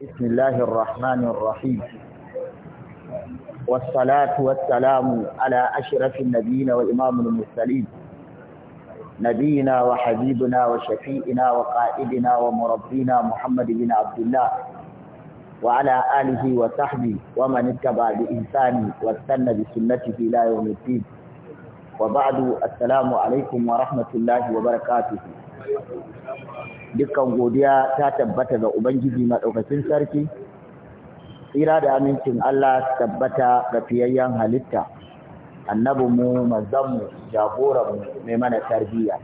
بسم الله الرحمن الرحيم والصلاة والسلام على أشرف النبيين وإمام المرسلين نبينا وحبيبنا وشفيئنا وقائدنا ومربينا محمد بن عبد الله وعلى آله وصحبه ومن اتبع بإنسان واستنى بسنته إلى يوم الدين وبعد السلام عليكم ورحمة الله وبركاته dukkan godiya ta tabbata ga Ubangiji maɗaukacin sarki, tsira da amincin Allah tabbata ga fiyayyen halitta, annabinmu, mazanmu, jagoranmu mai mana tarbiyya.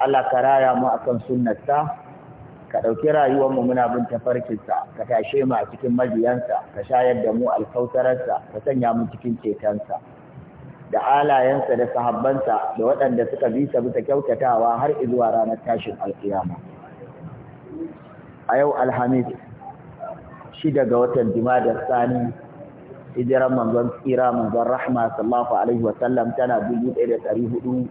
Allah ka raya mu akan sunnarsa, ka ɗauki rayuwarmu muna bin tafarkinsa, ka tashe mu a cikin majiyansa, ka shayar da mu alkautararsa, ka sanya mu cikin cetonsa. da alayensa da sahabbansa da waɗanda suka bi ta bisa kyautatawa har zuwa ranar tashin alkiyama a yau alhamis shi daga watan jimadar sani hijiran manzon tsira manzon rahma sallallahu alaihi wa sallam tana 1447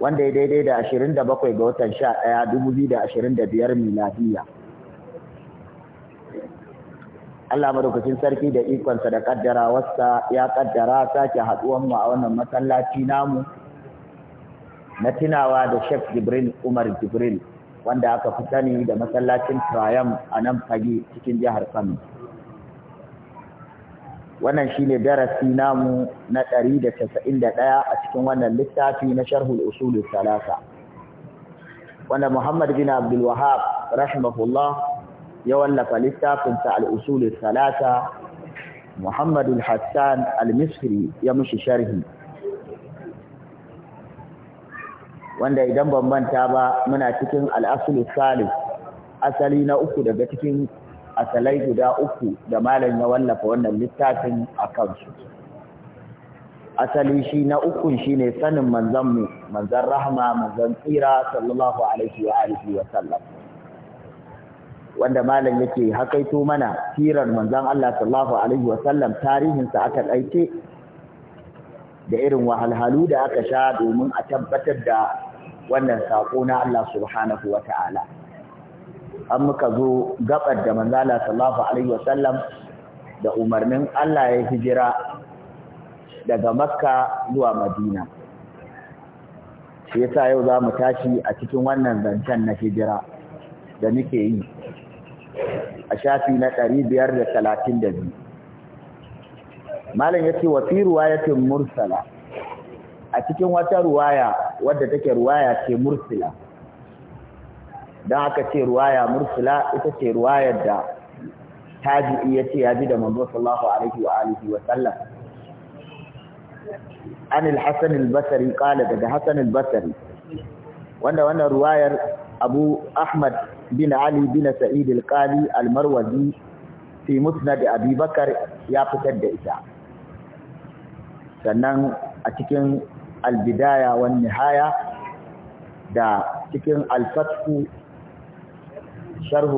wanda ya daidai da 27 ga watan 11 2025 miladiyya. Allah madaukakin sarki da ikonsa da kaddara kaddarawarsa ya kaddara sake haduwan mu a wannan masallaci namu na tunawa da Sheikh Jibril Umar Jibril wanda aka fi sani da masallacin Triumph a nan fage cikin jihar Kano. Wannan shine darasi namu na 191 a cikin wannan littafi na Sharhul Usulul Salasa. Wanda Muhammad bin Abdul Wahhab rahimahullah ya wallafa littafinsa al'usulun talata Muhammadu Hassan al-Misri ya mushi sharhi. Wanda idan ban manta ba muna cikin al'asulu salif, asali na uku daga cikin asalai guda uku da malam ya wallafa wannan littafin a kansu. Asali shi na ukun shi ne sanin manzanmu, manzan rahma, manzan tsira, sallallahu Alaihi wa Alaihi wa sallam. wanda malam yake hakaito mana sirar manzon Allah sallallahu alaihi wasallam tarihin sa aka daice da irin wahalhalu da aka sha domin a tabbatar da wannan sako na Allah subhanahu wataala an muka zo gabar da manzon Allah sallallahu alaihi wasallam da umarnin Allah ya hijira daga Makka zuwa Madina shi yasa yau za mu tashi a cikin wannan zancen na hijira da nake yi a shafi na ɗari biyar da talatin da biyu malam ya ce wa fi ruwayatin mursala a cikin wata ruwaya wadda take ruwaya ce mursila don aka ce ruwaya mursila ita ce ruwayar da ji iya ce ya ji da manzo sallallahu alaihi wa alihi wa sallam an al-hasan al-basri qala daga hasan al-basri wanda wannan ruwayar abu ahmad bin Ali bin Sa'id al-Qali al-Marwazi fi Musnad Abi Bakar ya fitar da ita sannan a cikin al-Bidaya wan Nihaya da cikin al-Fath sharh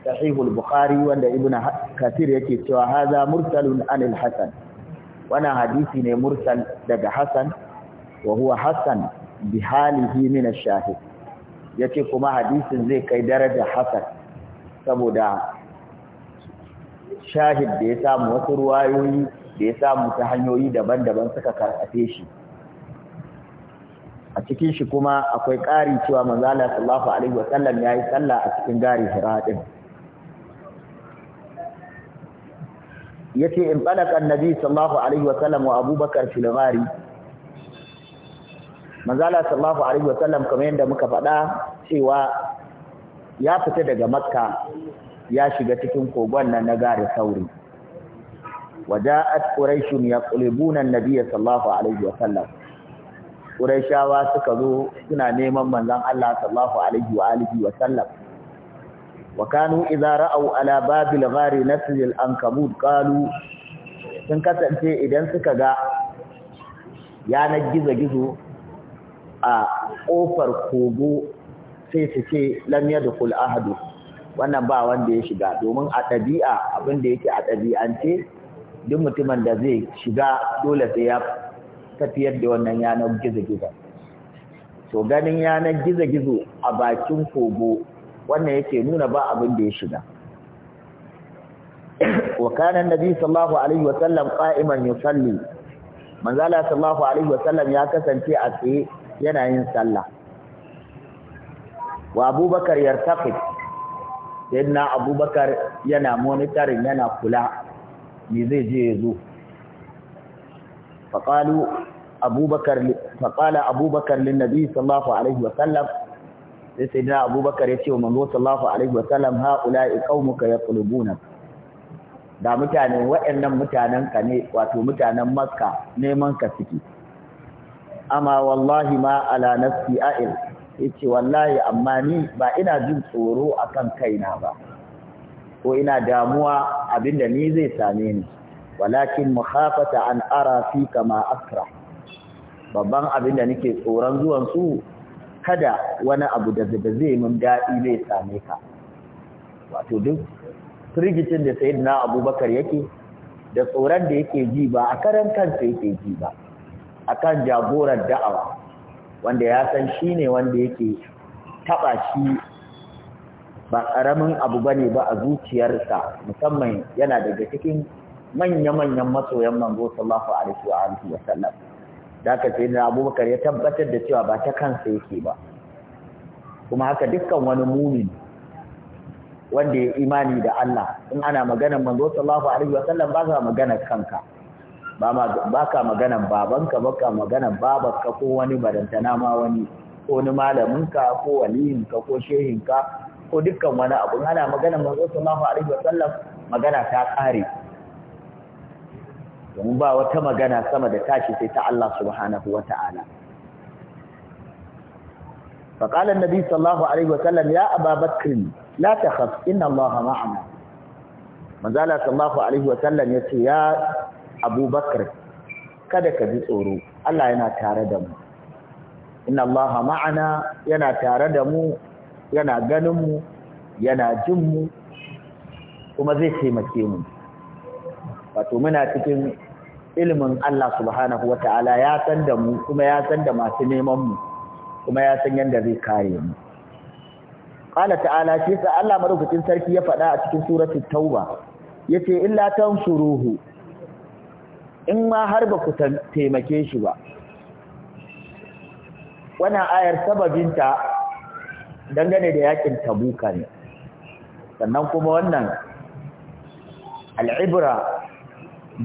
Sahih al-Bukhari wanda Ibn Kathir yake cewa haza mursalun anil Hasan wannan hadisi ne mursal daga Hasan wa huwa Hasan bihalihi min ash-shahid ya ce kuma hadisin zai kai daraja hasan saboda shahid da ya samu wasu ruwayoyi da ya samu ta hanyoyi daban-daban suka karfafe shi a cikin shi kuma akwai ƙari cewa manzala sallallahu alaihi wasallam ya yi sallah a cikin gari hira Ya yace in balaka annabi sallallahu alaihi wasallam wa abubakar fil manzala sallallahu alaihi wa sallam kamar yadda muka faɗa cewa ya fita daga makka ya shiga cikin kogon nan na gare sauri waja'at quraishun yaqlibuna an-nabiy sallallahu alaihi wa sallam quraishawa suka zo suna neman manzon Allah sallallahu alaihi wa alihi sallam wa kanu idza ra'aw ala babil ghari nasl al-ankabut qalu sun kasance idan suka ga yanar gizo-gizo a ƙofar kogo sai su ce lam yadkhul ahadu wannan ba wanda ya shiga domin a ɗabi'a abin da yake a ɗabi'ance duk mutumin da zai shiga dole sai ya tafiyar da wannan yanar gizo-gizo to ganin yanar gizo-gizo a bakin kogo wannan yake nuna ba abin ya shiga wa kana annabi alaihi wa sallam qa'iman salli manzala sallahu alaihi wa ya kasance a tsaye yana yin sallah wa abubakar yartaqi inna abubakar yana monitoring yana kula me zai je ya zo faqalu abubakar faqala abubakar lin nabi sallallahu alaihi wa sallam sai sayyidina abubakar ya ce wa manzo sallallahu alaihi wa sallam ulai qaumuka yatlubuna da mutane waɗannan mutanen ka ne wato mutanen makka neman ka ciki amma wallahi ma ala nafsi a'il yace wallahi amma ni ba ina jin tsoro akan kaina ba ko ina damuwa abinda ni zai same ni walakin mukhafata an ara fi kama akra babban abinda nake tsoron zuwan su kada wani abu da zai mun dadi zai same ka wato duk frigitin da sayyidina abubakar yake da tsoron da yake ji ba a karan kansa yake ji ba akan jagorar da'awa wanda ya san shi ne wanda yake taɓa shi ba karamin abu bane ba a zuciyarsa musamman yana daga cikin manya-manyan masoyan manzo sallallahu alaihi wa alihi wa sallam da aka sai da abubakar ya tabbatar da cewa ba ta kansa yake ba kuma haka dukkan wani mumin wanda ya imani da Allah in ana maganar manzo sallallahu alaihi wa sallam ba za magana kanka ba ka maganan babanka ba ka maganan babanka ko wani barantana ma wani ko wani malaminka ko waliyinka ko shehinka ko dukkan wani abu ana maganan manzo sallallahu alaihi wasallam magana ta kare domin ba wata magana sama da tashi sai ta Allah subhanahu wata'ala فقال النبي صلى الله عليه وسلم يا أبا بكر لا تخف إن الله معنا manzala sallallahu alaihi wa sallam yace ya abubakar kada ka ji tsoro Allah yana tare da mu inna Allah ma'ana yana tare da mu yana ganin mu yana jin mu kuma zai taimake mu wato muna cikin ilimin Allah subhanahu wata'ala ya san da mu kuma ya san da masu neman mu kuma ya san yadda zai kare mu qala ta'ala shi sa Allah madaukakin sarki ya faɗa a cikin suratul tauba yace illa tansuruhu in ma har ba ku taimake shi ba wannan ayar ta dangane da yakin tabuka ne sannan kuma wannan al'ibra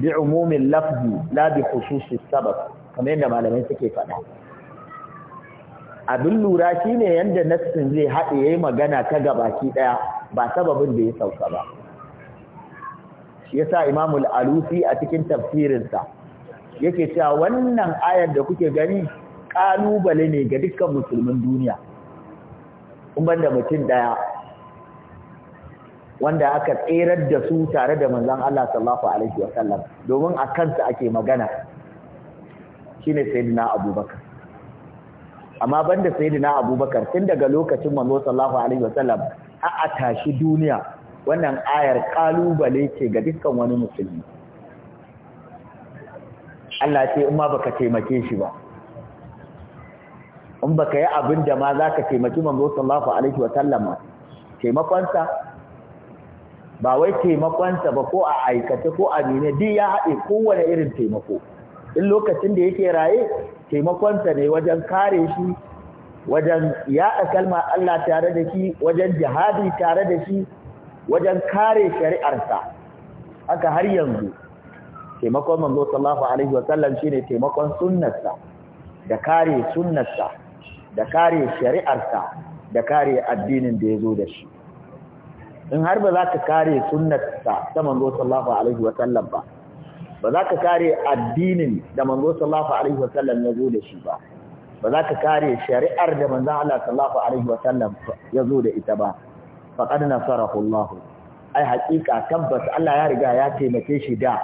bi umumin lafzi la bi sabab kamar yadda malamai suke faɗa abin lura shine yanda nassin zai haɗe yayi magana ta gabaki ɗaya ba sababin da ya sauka ba shi yasa imamul alusi a cikin tafsirinsa yake cewa wannan ayar da kuke gani kalubale ne ga dukkan musulmin duniya ban da mutum daya wanda aka tserar da su tare da manzon Allah sallallahu alaihi wasallam domin a kansa ake magana shine sayyidina abubakar amma banda sayyidina abubakar tun daga lokacin manzo sallallahu alaihi wasallam a tashi duniya wannan ayar kalubale ce ga dukkan wani musulmi Allah ce in ma baka taimake shi ba in baka yi abin da ma zaka taimaki manzo sallallahu alaihi wa sallama taimakonsa ba wai taimakonsa ba ko a aikace ko a mene duk ya haɗe kowane irin taimako in lokacin da yake raye taimakonsa ne wajen kare shi wajen yaɗa kalma Allah tare da shi wajen jihadi tare da shi wajen kare shari'arsa haka har yanzu taimakon manzo sallallahu alaihi wasallam shine taimakon sunnarsa da kare sunnarsa da kare shari'arsa da kare addinin da yazo da shi in har ba za ka kare sunnarsa ta manzo sallallahu alaihi wasallam ba ba za ka kare addinin da manzo sallallahu alaihi wasallam yazo da shi ba ba za ka kare shari'ar da manzo Allah sallallahu alaihi wasallam yazo da ita ba faqad nasarahu Allah ai haƙiƙa tabbas Allah ya riga ya taimake shi da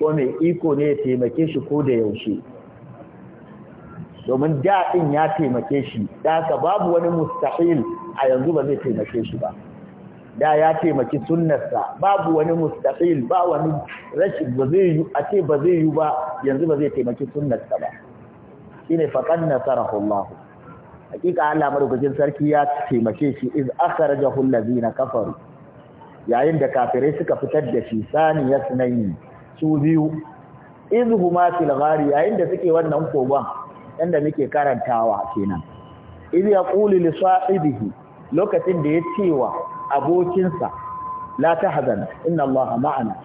ko mai iko ne ya taimake shi ko da yaushe domin da din ya taimake shi da ka babu wani mustahil a yanzu ba zai taimake shi ba da ya taimaki sunnarsa babu wani mustahil ba wani rashin ba zai yi a ce ba zai yi ba yanzu ba zai taimaki sunnarsa ba shine faqad nasarahu Allah hakika Allah madaukakin sarki ya taimake shi iz akhrajahu allazina kafaru yayin da kafirai suka fitar da shi sani yasnaini su biyu iz huma fil ghari yayin da suke wannan kogon inda muke karantawa kenan iz yaqulu li sahibihi lokacin da ya cewa abokinsa la tahzan inna allaha ma'ana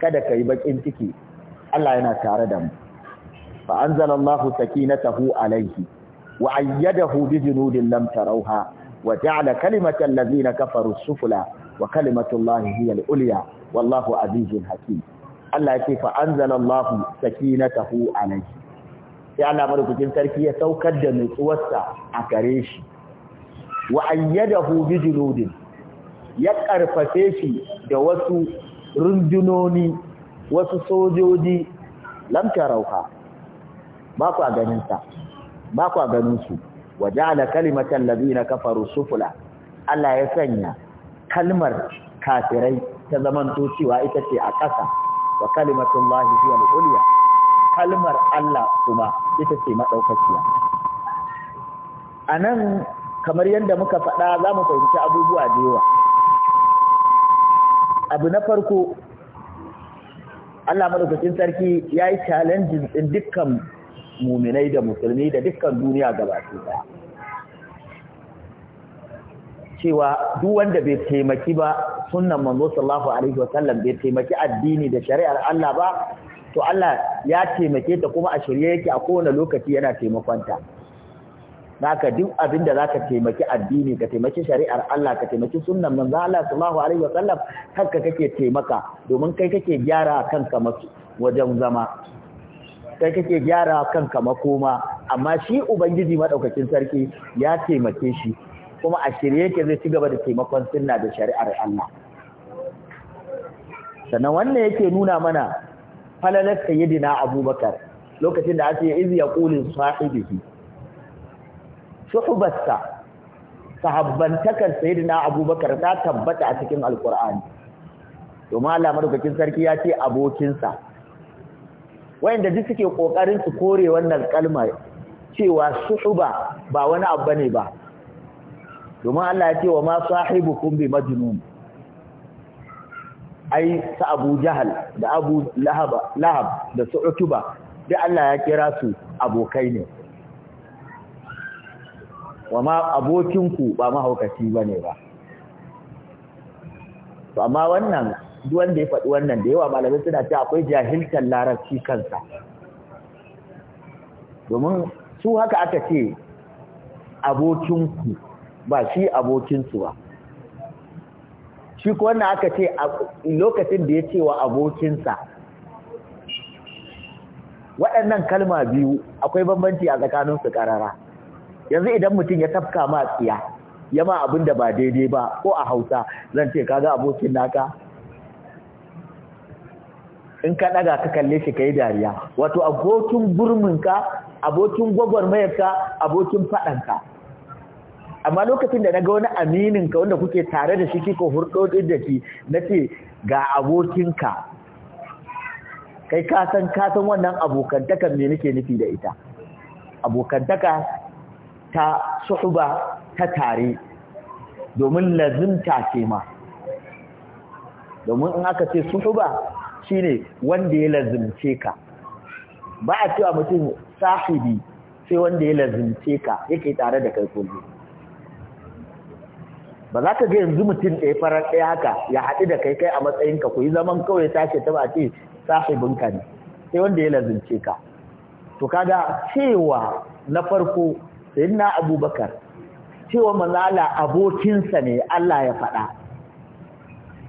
kada kai bakin ciki Allah yana tare da mu fa anzalallahu sakinatahu alayhi Wa'ayyada ayyadahu bi junudin lam tarauha wa ja'ala kalimatal ladzina kafaru sufla wa kalimatullahi hiya al-ulya wallahu azizun hakim Allah yake fa anzalallahu sakinatahu alayhi sai Allah madaukakin sarki ya saukar da nutsuwarsa a gare shi Wa'ayyada ayyadahu bi junudin ya karfafe shi da wasu rundunoni wasu sojoji lam tarauha ba ku ganin sa ba kwa ganin su ja'ala kalimatan ladina kafaru sufula. Allah ya sanya kalmar kafirai ta zamanto cewa ita ce a ƙasa wa kalimatullahi hiya al-ulya kalmar Allah kuma ita ce madaukakiya anan kamar yadda muka faɗa za mu fahimci abubuwa da yawa abu na farko Allah madaukakin sarki ya yi challenging ɗin dukkan muminai da musulmi da dukkan duniya gabaki daya cewa duk wanda bai taimaki ba sunnan manzo sallallahu alaihi wasallam bai taimaki addini da shari'ar Allah ba to Allah ya taimake ta kuma a shirye yake a kowane lokaci yana taimakonta naka duk abin da zaka taimaki addini ka taimaki shari'ar Allah ka taimaki sunnan manzo Allah sallallahu alaihi wasallam kanka kake taimaka domin kai kake gyara kanka masu wajen zama kai kake gyara kanka makoma amma shi ubangiji madaukakin sarki ya taimake shi kuma a shirye yake zai ci gaba da taimakon sunna da shari'ar Allah sannan wannan yake nuna mana falalar sayyidina abubakar lokacin da ake ya kulin sahibihi shuhubarsa sahabbantakar sayyidina abubakar ta tabbata a cikin alqur'ani domin Allah madaukakin sarki ya ce abokinsa wayanda duk suke kokarin su kore wannan kalma cewa suhuba ba wani abu bane ba domin Allah ya ce wa ma sahibukum bi majnun ai sa Abu Jahal da Abu Lahab Lahab da su Utuba da Allah ya kira su abokai ne wa ma abokinku ba mahaukaci bane ba to amma wannan duk wanda ya faɗi wannan da yawa malamai suna ce akwai jahiltar larabci kansa domin su haka aka ce abokinku ba shi abokinsu ba shi ko wannan aka ce lokacin da ya ce wa abokinsa waɗannan kalma biyu akwai bambanci a tsakaninsu ƙarara yanzu idan mutum ya tafka ma tsiya yama abin da ba daidai ba ko a hausa zan ce kaga abokin naka in ka ɗaga ka kalle shi ka yi dariya wato abokin burminka abokin gwagwarmayarka abokin faɗanka amma lokacin da na ga wani amininka wanda kuke tare da shi kiko hurɗoɗin da shi na ce ga abokinka kai kasan kasan wannan abokantakan me nake nufi da ita abokantaka ta suhuba ta tare domin lazimta ce ma domin in aka ce suhuba Shi ne wanda ya lazimce ka ba a cewa mutum sahibi sai wanda ya lazimce ka yake tare da kai kullum ba za ka ga yanzu mutum ɗaya farar ɗaya haka ya haɗu da kai kai a matsayinka ku yi zaman kawai ta ce ta ba ce sahibinka ne sai wanda ya lazimce ka to kaga cewa na farko sai na abubakar cewa manzala abokinsa ne Allah ya faɗa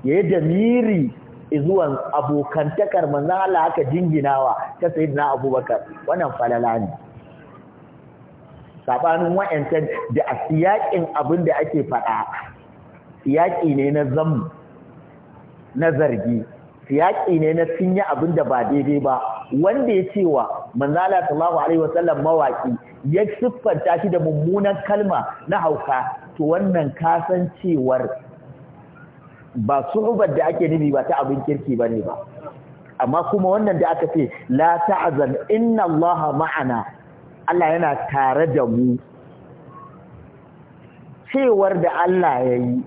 ya yi damiri zuwan abokantakar manzan Allah aka jinginawa ta sayyidina abubakar wannan falala ne sabanin wa'ancan da a siyaƙin abin da ake faɗa siyaki ne na zam na zargi siyaki ne na cinye abin da ba daidai ba wanda ya cewa Allah sallallahu alaihi wasallam mawaki ya siffanta shi da mummunan kalma na hauka to wannan kasancewar ba suhubar da ake nimi ba ta abin kirki ba ne ba amma kuma wannan da aka ce la ta'zan inna allaha ma'ana Allah yana tare da mu cewar da Allah ya yi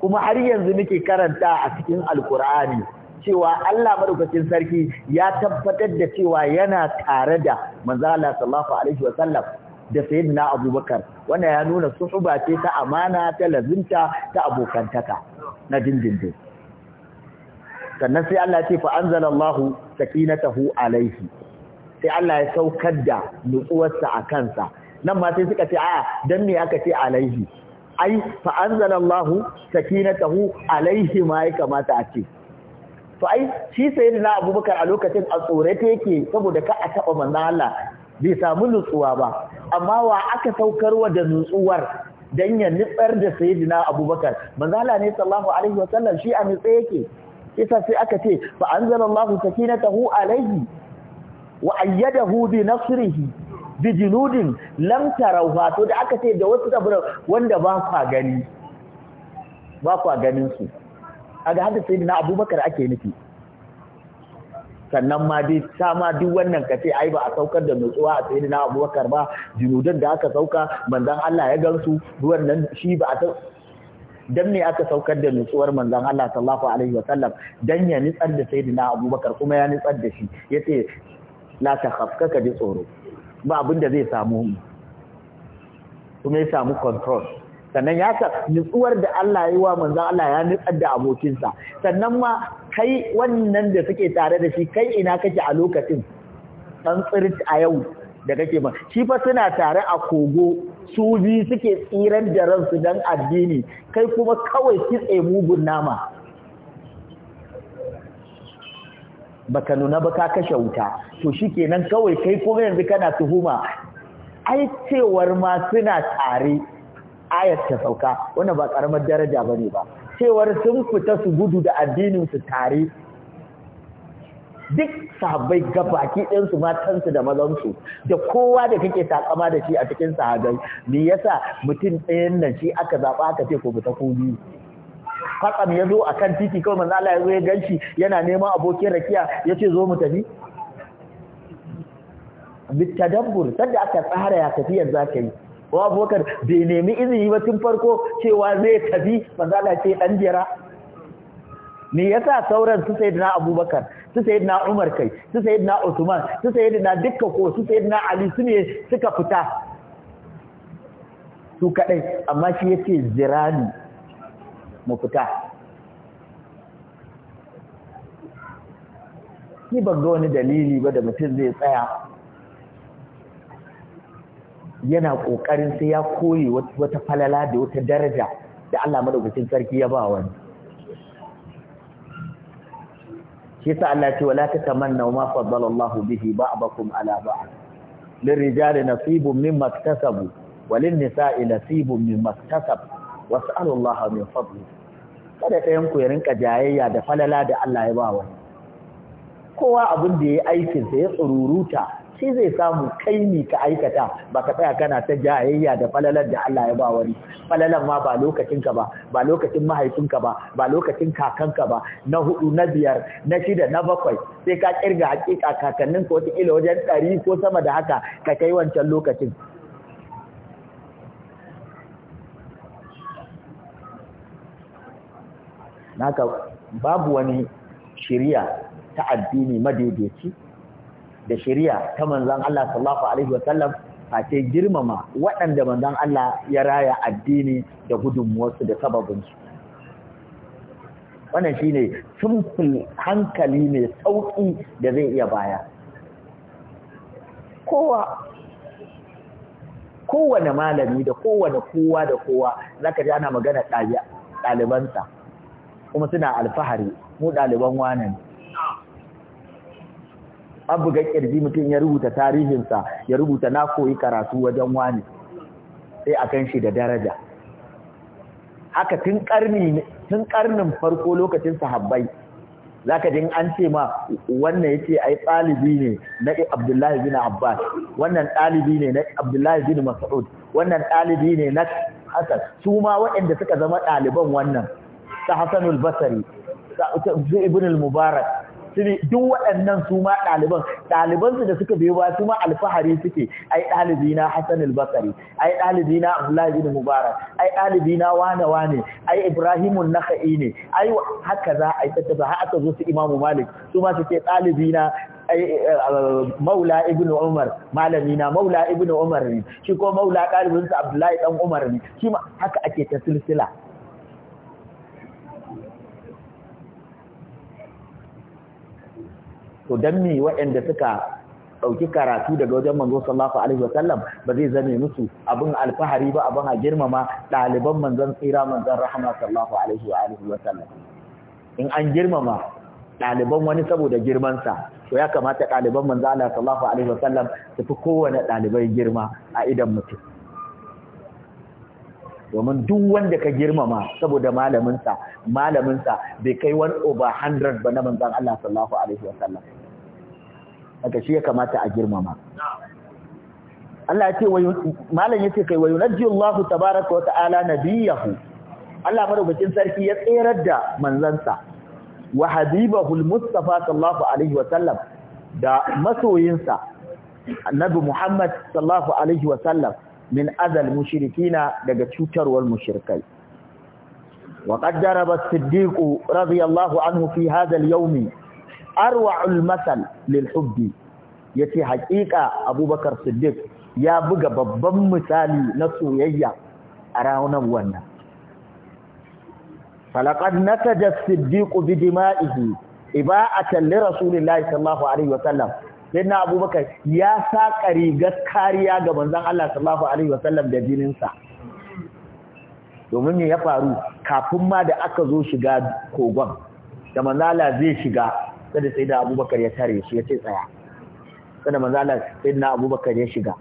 kuma har yanzu muke karanta a cikin alkur'ani cewa Allah madaukakin sarki ya tabbatar da cewa yana tare da manzala sallallahu alaihi wasallam da na abubakar wanda ya nuna suhuba ce ta amana ta lazinta ta abokantaka na dindindin sannan sai Allah ya ce fa Allah sakinatahu alaihi sai Allah ya saukar da nutsuwarsa a kansa nan ma sai suka ce a dan me aka ce alaihi ai fa tahu sakinatahu alaihi ma ya kamata a ce to ai shi sayyidina abubakar a lokacin a tsorata yake saboda ka a taba manzo Allah bai samu nutsuwa ba amma wa aka wa da nutsuwar dan ya nitsar da sayyidina abubakar manzala ne sallallahu alaihi wasallam shi a nutse yake kisa sai aka ce fa anzalallahu sakinatahu alaihi wa ayyadahu bi nasrihi bi junudin lam tarawha to da aka ce da wasu kabura wanda ba kwa gani ba ku ganin su aga hadda sayyidina abubakar ake nufi sannan ma dai ta ma duk wannan ka ce ai ba a saukar da nutsuwa a sayyidina Abubakar ba junudan da aka sauka manzan Allah ya gansu ruwan nan shi ba a dan ne aka saukar da nutsuwar manzan Allah sallallahu alaihi wa sallam dan ya nitsar da sayyidina Abubakar kuma ya nitsar da shi yace la ta khafka ka ji tsoro ba abin da zai samu mu kuma ya samu control sannan ya ka nutsuwar da Allah ya yi wa manzan Allah ya nitsar da abokinsa sannan ma kai wannan da suke tare da shi kai ina kake a lokacin ɗan a yau da kake ba shi fa suna tare a kogo su bi suke tsiran da ransu don addini kai kuma kawai kitse mugun nama baka nuna ba ka kashe wuta to shikenan kawai kai kuma yanzu kana tuhuma ai cewar ma suna tare ayat ta sauka wannan ba karamar daraja bane ba cewar sun fita su gudu da addininsu tare duk sahabbai gabaki ɗinsu matansu da mazansu da kowa da kake takama da shi a cikin sahabai me yasa mutum ɗayan nan shi aka zaɓa aka ce ko fita ko biyu kwatsam ya zo a kan titi kawai manzo Allah ya zo ya ganshi yana neman abokin rakiya ya ce zo mu tafi bitadabbur sanda aka tsara ya tafiyar za ka yi wa abubakar bai nemi izini ba tun farko cewa zai tafi manzala ce dan jira me yasa sauran su sayyidina abubakar su sayyidina umar kai su sayyidina usman su sayyidina dukka ko su sayyidina ali su ne suka fita su kadai amma shi yace zirani mu fita ni ban ga wani dalili ba da mutum zai tsaya yana ƙoƙarin sai ya koyi wata falala da wata daraja da Allah madaukakin sarki ya ba wani shi sa Allah ce wala tatamanna ma faddala Allah bihi ba'dakum ala ba'd للرجال نصيب walin nisa'i وللنساء نصيب مما اكتسبوا واسألوا Allah min fadli. kada ta yanku ya rinka jayayya da falala da Allah ya ba wani kowa abin da ya yi aikin ya tsururuta shi zai samu kaini ka aikata ba ka tsaya kana ta jayayya da falalar da Allah ya ba wani falalar ma ba lokacinka ba ba lokacin mahaifinka ba ba lokacin kakanka ba na hudu na biyar na shida na bakwai sai ka kirga hakika kakannin ka wata ila wajen ɗari ko sama da haka ka kai wancan lokacin naka babu wani shiriya ta addini madaidaici da shari'a ta manzon Allah sallallahu alaihi wasallam a ce girmama waɗanda manzon Allah ya raya addini da gudunmuwarsu da sababinsu wannan shine simple hankali mai sauƙi da zai iya baya kowa kowane malami da kowane kowa da kowa zaka ji ana magana ɗalibansa kuma suna alfahari mu ɗaliban wane ne an buga kirji mutum ya rubuta tarihinsa ya rubuta na koyi karatu wajen wani sai a kan shi da daraja haka tun karnin farko lokacin sahabbai ka jin an ce ma wannan yace ai ɗalibi ne na Abdullahi bin Abbas wannan ɗalibi ne na Abdullahi bin Mas'ud wannan ɗalibi ne na Hassan su ma waɗanda suka zama ɗaliban wannan ta Hassanul basari ta Ibn al-Mubarak duk waɗannan su ma ɗaliban ɗalibansu da suka biyo ba su ma alfahari suke ai ɗalibi na Hassan al-Bakari ai ɗalibi na Abdullahi bin Mubarak ai ɗalibi na wane wane ai Ibrahimun Nakhai ne ai haka za a yi tattafa har aka zo su Imam Malik su ma suke ɗalibi na eh, maula ibnu umar malami na maula ibnu umar ne shi ko maula ɗalibinsa abdullahi dan umar ne shi ma haka ake ta silsila to dan mi waɗanda suka ɗauki karatu daga wajen manzo sallallahu alaihi wasallam ba zai zame musu abin alfahari ba abin a girmama ɗaliban manzon tsira manzon rahama sallallahu alaihi wa alihi wasallam in an girmama ɗaliban wani saboda girmansa to ya kamata ɗaliban manzo Allah sallallahu alaihi wasallam su fi kowane ɗalibai girma a idan mutum domin duk wanda ka girmama saboda malaminsa malaminsa bai kai wani over 100 ba na manzon Allah sallallahu alaihi wasallam aka shi ya kamata a girmama Allah ya ce malam yace kai wayunajji Allah tabaaraka wa ta'ala nabiyahu Allah madaukakin sarki ya tserar da manzansa wa habibahu al-mustafa sallallahu alaihi wa sallam da masoyinsa annabi Muhammad sallallahu alaihi wa sallam min azal mushrikina daga cutarwar mushrikai wa qad daraba as radiyallahu anhu fi hadha al arwa'ul masal lil hubbi yace haƙiƙa Abubakar Siddiq ya buga babban misali na soyayya a ranar wannan falaqad nataja Siddiq bi dima'ihi iba'atan li rasulillahi sallallahu alaihi wasallam sayyidina Abubakar ya saka rigar kariya ga manzon Allah sallallahu alaihi wasallam da jininsa domin ya faru kafin ma da aka zo shiga kogon da manzala zai shiga kada sai da abubakar ya tare shi ya ce tsaya kada manzala sai na abubakar ya shiga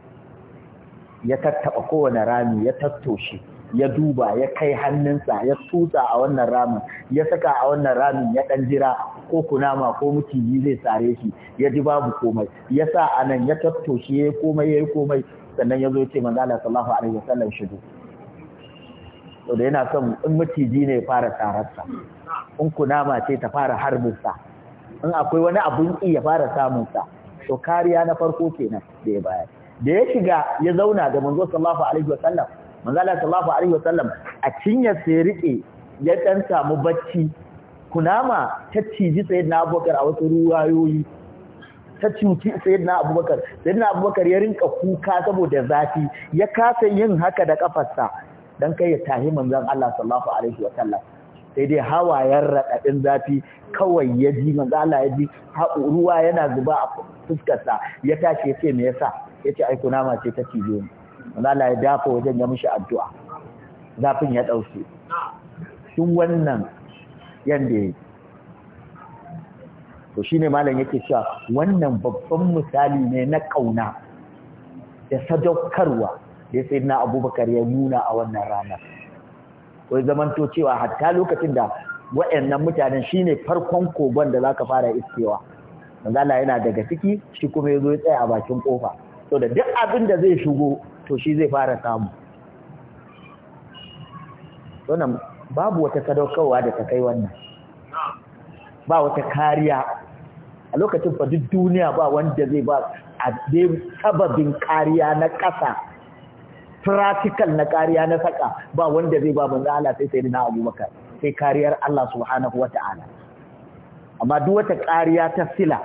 ya tattaba kowane rami ya tattoshe ya duba ya kai hannunsa ya tutsa a wannan ramin ya saka a wannan ramin ya dan jira ko kunama ko maciji zai sare shi ya ji babu komai ya sa a nan ya tattoshe ya komai ya yi komai sannan ya zo ce manzala sallallahu alaihi wasallam shigo to da yana son in maciji ne ya fara tsararsa in kunama ce ta fara harbinsa in akwai wani abun ki ya fara samun sa to kariya na farko kenan da ya bayar da ya shiga ya zauna ga manzo sallallahu alaihi wasallam manzo sallallahu alaihi wasallam a cinya sai rike ya dan samu bacci kunama ta ciji sayyidina Abubakar a wasu ruwayoyi ta cuci sayyidina Abubakar sayyidina Abubakar ya rinka kuka saboda zafi ya kasa yin haka da kafarsa dan kai ya tahi manzon Allah sallallahu alaihi wasallam sai dai hawayen radadin zafi kawai ya ji manzala ya ji ruwa yana zuba a fuskarsa ya tashi ya ce me yasa ya ce aiko nama ce ta cije ni manzala ya dafa wajen ya mishi addu'a zafin ya ɗauke Tun wannan yadda ya yi to shine malam yake cewa wannan babban misali ne na ƙauna da sadaukarwa da sai na abubakar ya nuna a wannan ranar. wai zamanto cewa hatta lokacin da wa'annan mutanen shine farkon kogon da zaka fara iskewa manzo Allah yana daga ciki shi kuma yazo ya tsaya a bakin kofa to da duk abin da zai shigo to shi zai fara samu wannan babu wata sadaukarwa da ta kai wannan ba wata kariya a lokacin fa duk duniya ba wanda zai ba a sababin kariya na ƙasa practical na kariya na saka ba wanda zai ba manzo Allah sai sai na Abubakar sai kariyar Allah subhanahu ta'ala, amma duk wata kariya ta sila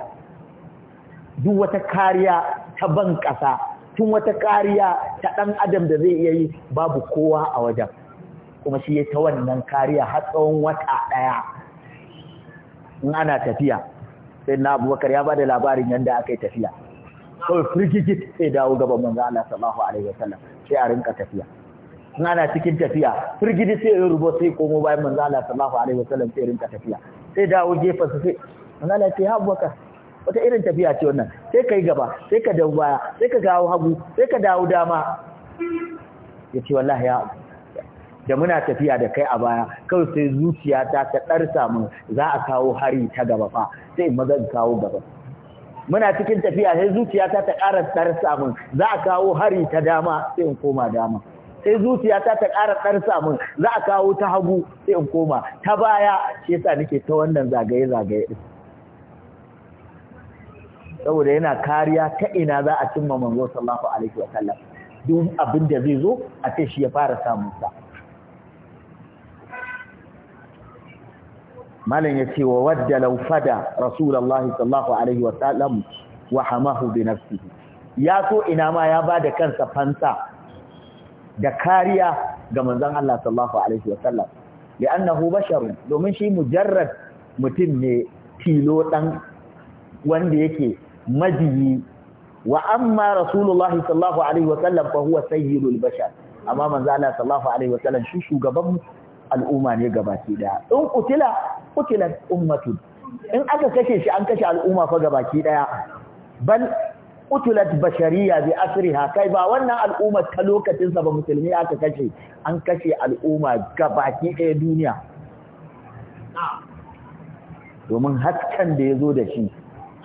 duk wata kariya ta ban ƙasa tun wata kariya ta ɗan adam da zai iya yi babu kowa a wajen kuma shi ya ta wannan kariya har tsawon wata ɗaya in ana tafiya sai na abubakar ya ba da labarin yadda aka yi tafiya kawai firgigit sai dawo gaban manzo Allah sallallahu alaihi wasallam sai a rinka tafiya in ana cikin tafiya firgidi sai ya rubo sai komo bayan manzo Allah sallallahu alaihi wasallam sai rinka tafiya sai dawo gefen sai manzo Allah sai ce ha wata irin tafiya ce wannan sai kai gaba sai ka dawo baya sai ka gawo hagu sai ka dawo dama yace wallahi ya da muna tafiya da kai a baya kawai sai zuciya ta ɗarsa mun za a kawo hari ta gaba fa sai mazan kawo gaba muna cikin tafiya sai zuciya ta ƙara ɗarsa mun za a kawo hari ta dama sai in koma dama sai zuciyata ta ƙara ɗan min za a kawo ta hagu sai in koma ta baya shi yasa nake ta wannan zagaye zagaye saboda yana kariya ta ina za a cimma manzo sallallahu alaihi wa sallam duk abin da zai zo a ce shi ya fara samun sa malam ce wa wadda law fada rasulullahi sallallahu alaihi wa sallam wa hamahu bi nafsihi ya so ina ma ya ba da kansa fansa da kariya ga manzon Allah sallallahu alaihi wasallam li'annahu basharun domin shi mujarrad mutum ne tilo dan wanda yake majiyi wa amma rasulullahi sallallahu alaihi wasallam fa huwa sayyidul bashar amma manzo Allah sallallahu alaihi wasallam shi shugaban al'umma ne gabaki daya in kutila kutilat ummatu in aka kashe shi an kashe al'umma fa gabaki daya bal utulat bashariya bi asriha kai ba wannan al'umma ta lokacin sa ba musulmi aka kashe an kashe al'umma gabaki ɗaya duniya domin hasken da ya zo da shi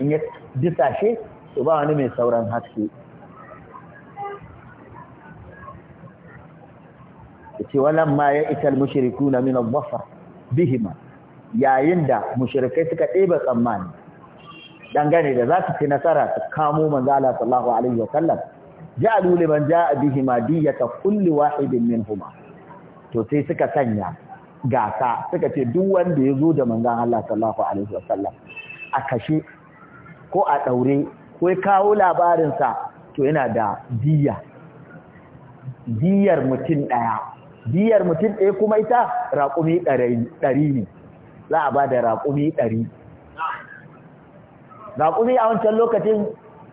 in ya disashe to ba wani mai sauran haske ce ma ya ital mushrikuna min al-dhafa bihima yayin da mushrikai suka ɗeba tsammani dangane da za su ci nasara su kamo manzo Allah sallallahu alaihi wa sallam ja'alu liman ja'a bihi madiyata kulli wahidin minhuma to sai suka sanya gasa suka ce duk wanda ya zo da manzo Allah sallallahu alaihi wa sallam a kashe ko a daure ko ya kawo labarin sa to yana da diya diyar mutum daya diyar mutum daya kuma ita raƙumi 100 ne za a ba da raƙumi 100 raƙumi a wancan lokacin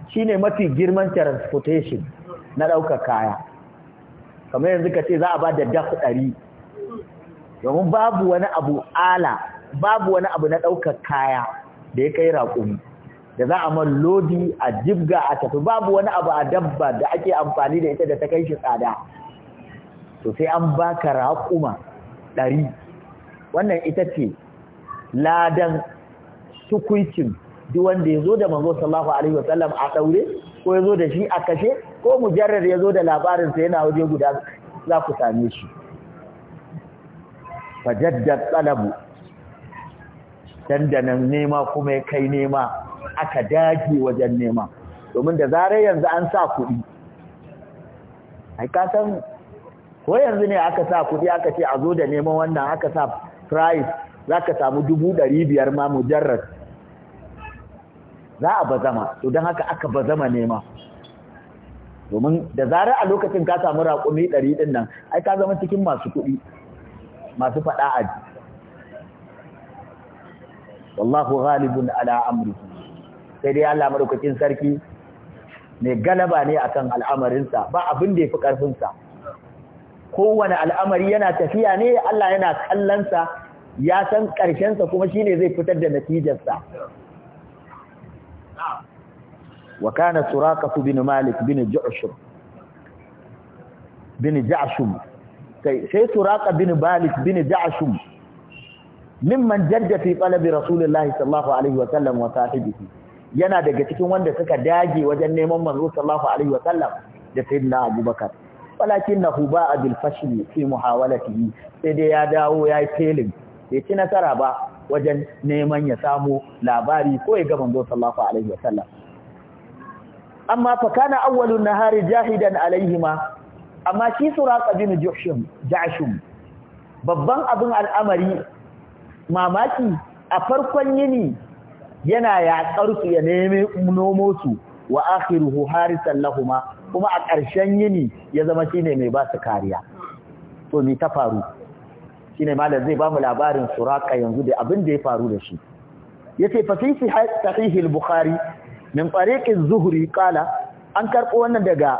shine mafi girman transportation na daukar kaya kamar yanzu ka ce za a ba da daf ɗari domin babu wani abu ala babu wani abu na ɗaukar kaya da ya kai raƙumi da za a man lodi a jibga a tafi babu wani abu a dabba da ake amfani da ita da ta kai shi tsada to sai an baka raƙuma ɗari wannan ita ce ladan tukuicin duk wanda ya zo da manzo sallallahu alaihi wasallam a daure ko ya zo da shi a kashe ko mujarrar ya zo da labarin sa yana waje guda za ku same shi fajaddad talabu dandanan nema kuma ya kai nema aka dage wajen nema domin da zarar yanzu an sa kuɗi ai ka san ko yanzu ne aka sa kuɗi aka ce a zo da neman wannan aka sa price za ka samu dubu ɗari biyar ma mujarrar za a bazama to don haka aka bazama nema domin da zarar a lokacin ka samu raƙumi ɗari ɗin nan ai ka zama cikin masu kuɗi masu faɗa a ji wallahu ghalibun ala amri sai dai Allah madaukakin sarki mai galaba ne akan al'amarinsa ba abin da yafi ƙarfinsa kowane al'amari yana tafiya ne Allah yana kallonsa ya san ƙarshensa kuma shine zai fitar da natijarsa wa kana suraqatu bin malik bin ju'shum bin sai suraka bin malik bin ja'shum mimman jadda fi talabi rasulullahi sallallahu alaihi wa sallam yana daga cikin wanda suka dage wajen neman manzo sallallahu alaihi wa sallam da sayyidina abubakar walakinahu ba'a bil fashli fi muhawalatihi sai dai ya dawo yayi failing bai ci nasara ba wajen neman ya samu labari ko ya ga manzo sallallahu alaihi wasallam amma fa kana awwalun nahari jahidan alaihima amma shi suraqa bin juhshim jashum babban abin al'amari mamaki a farkon yini yana yaƙar su ya neme nomo su wa akhiruhu harisan lahumma kuma a ƙarshen yini ya zama shine mai ba su kariya to me ta faru shine malam zai bamu labarin suraka yanzu da abin da ya faru da shi yace fa fi sahih al-bukhari min tariqin zuhri kala an karbo wannan daga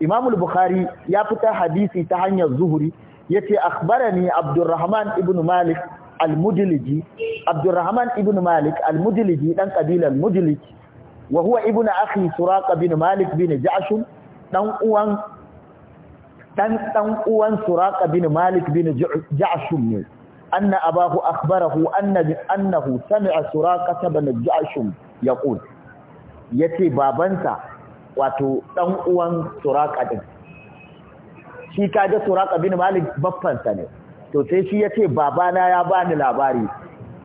Imam al-Bukhari ya fita hadisi ta hanyar zuhri yace akhbarani Abdurrahman ibn Malik al-Mudliji Abdurrahman ibn Malik al-Mudliji dan kabilan Mudlij wa huwa ibn akhi Suraqa bin Malik bin Ja'shum dan uwan dan dan uwan Suraqa bin Malik bin Ja'shum ne anna abahu akhbarahu anna annahu sami'a Suraqa bin Ja'shum yaqul ya ce babansa wato ɗan uwan ɗin shi kaga suraka bin malik baffansa ne to sai shi ya ce babana ya bani labari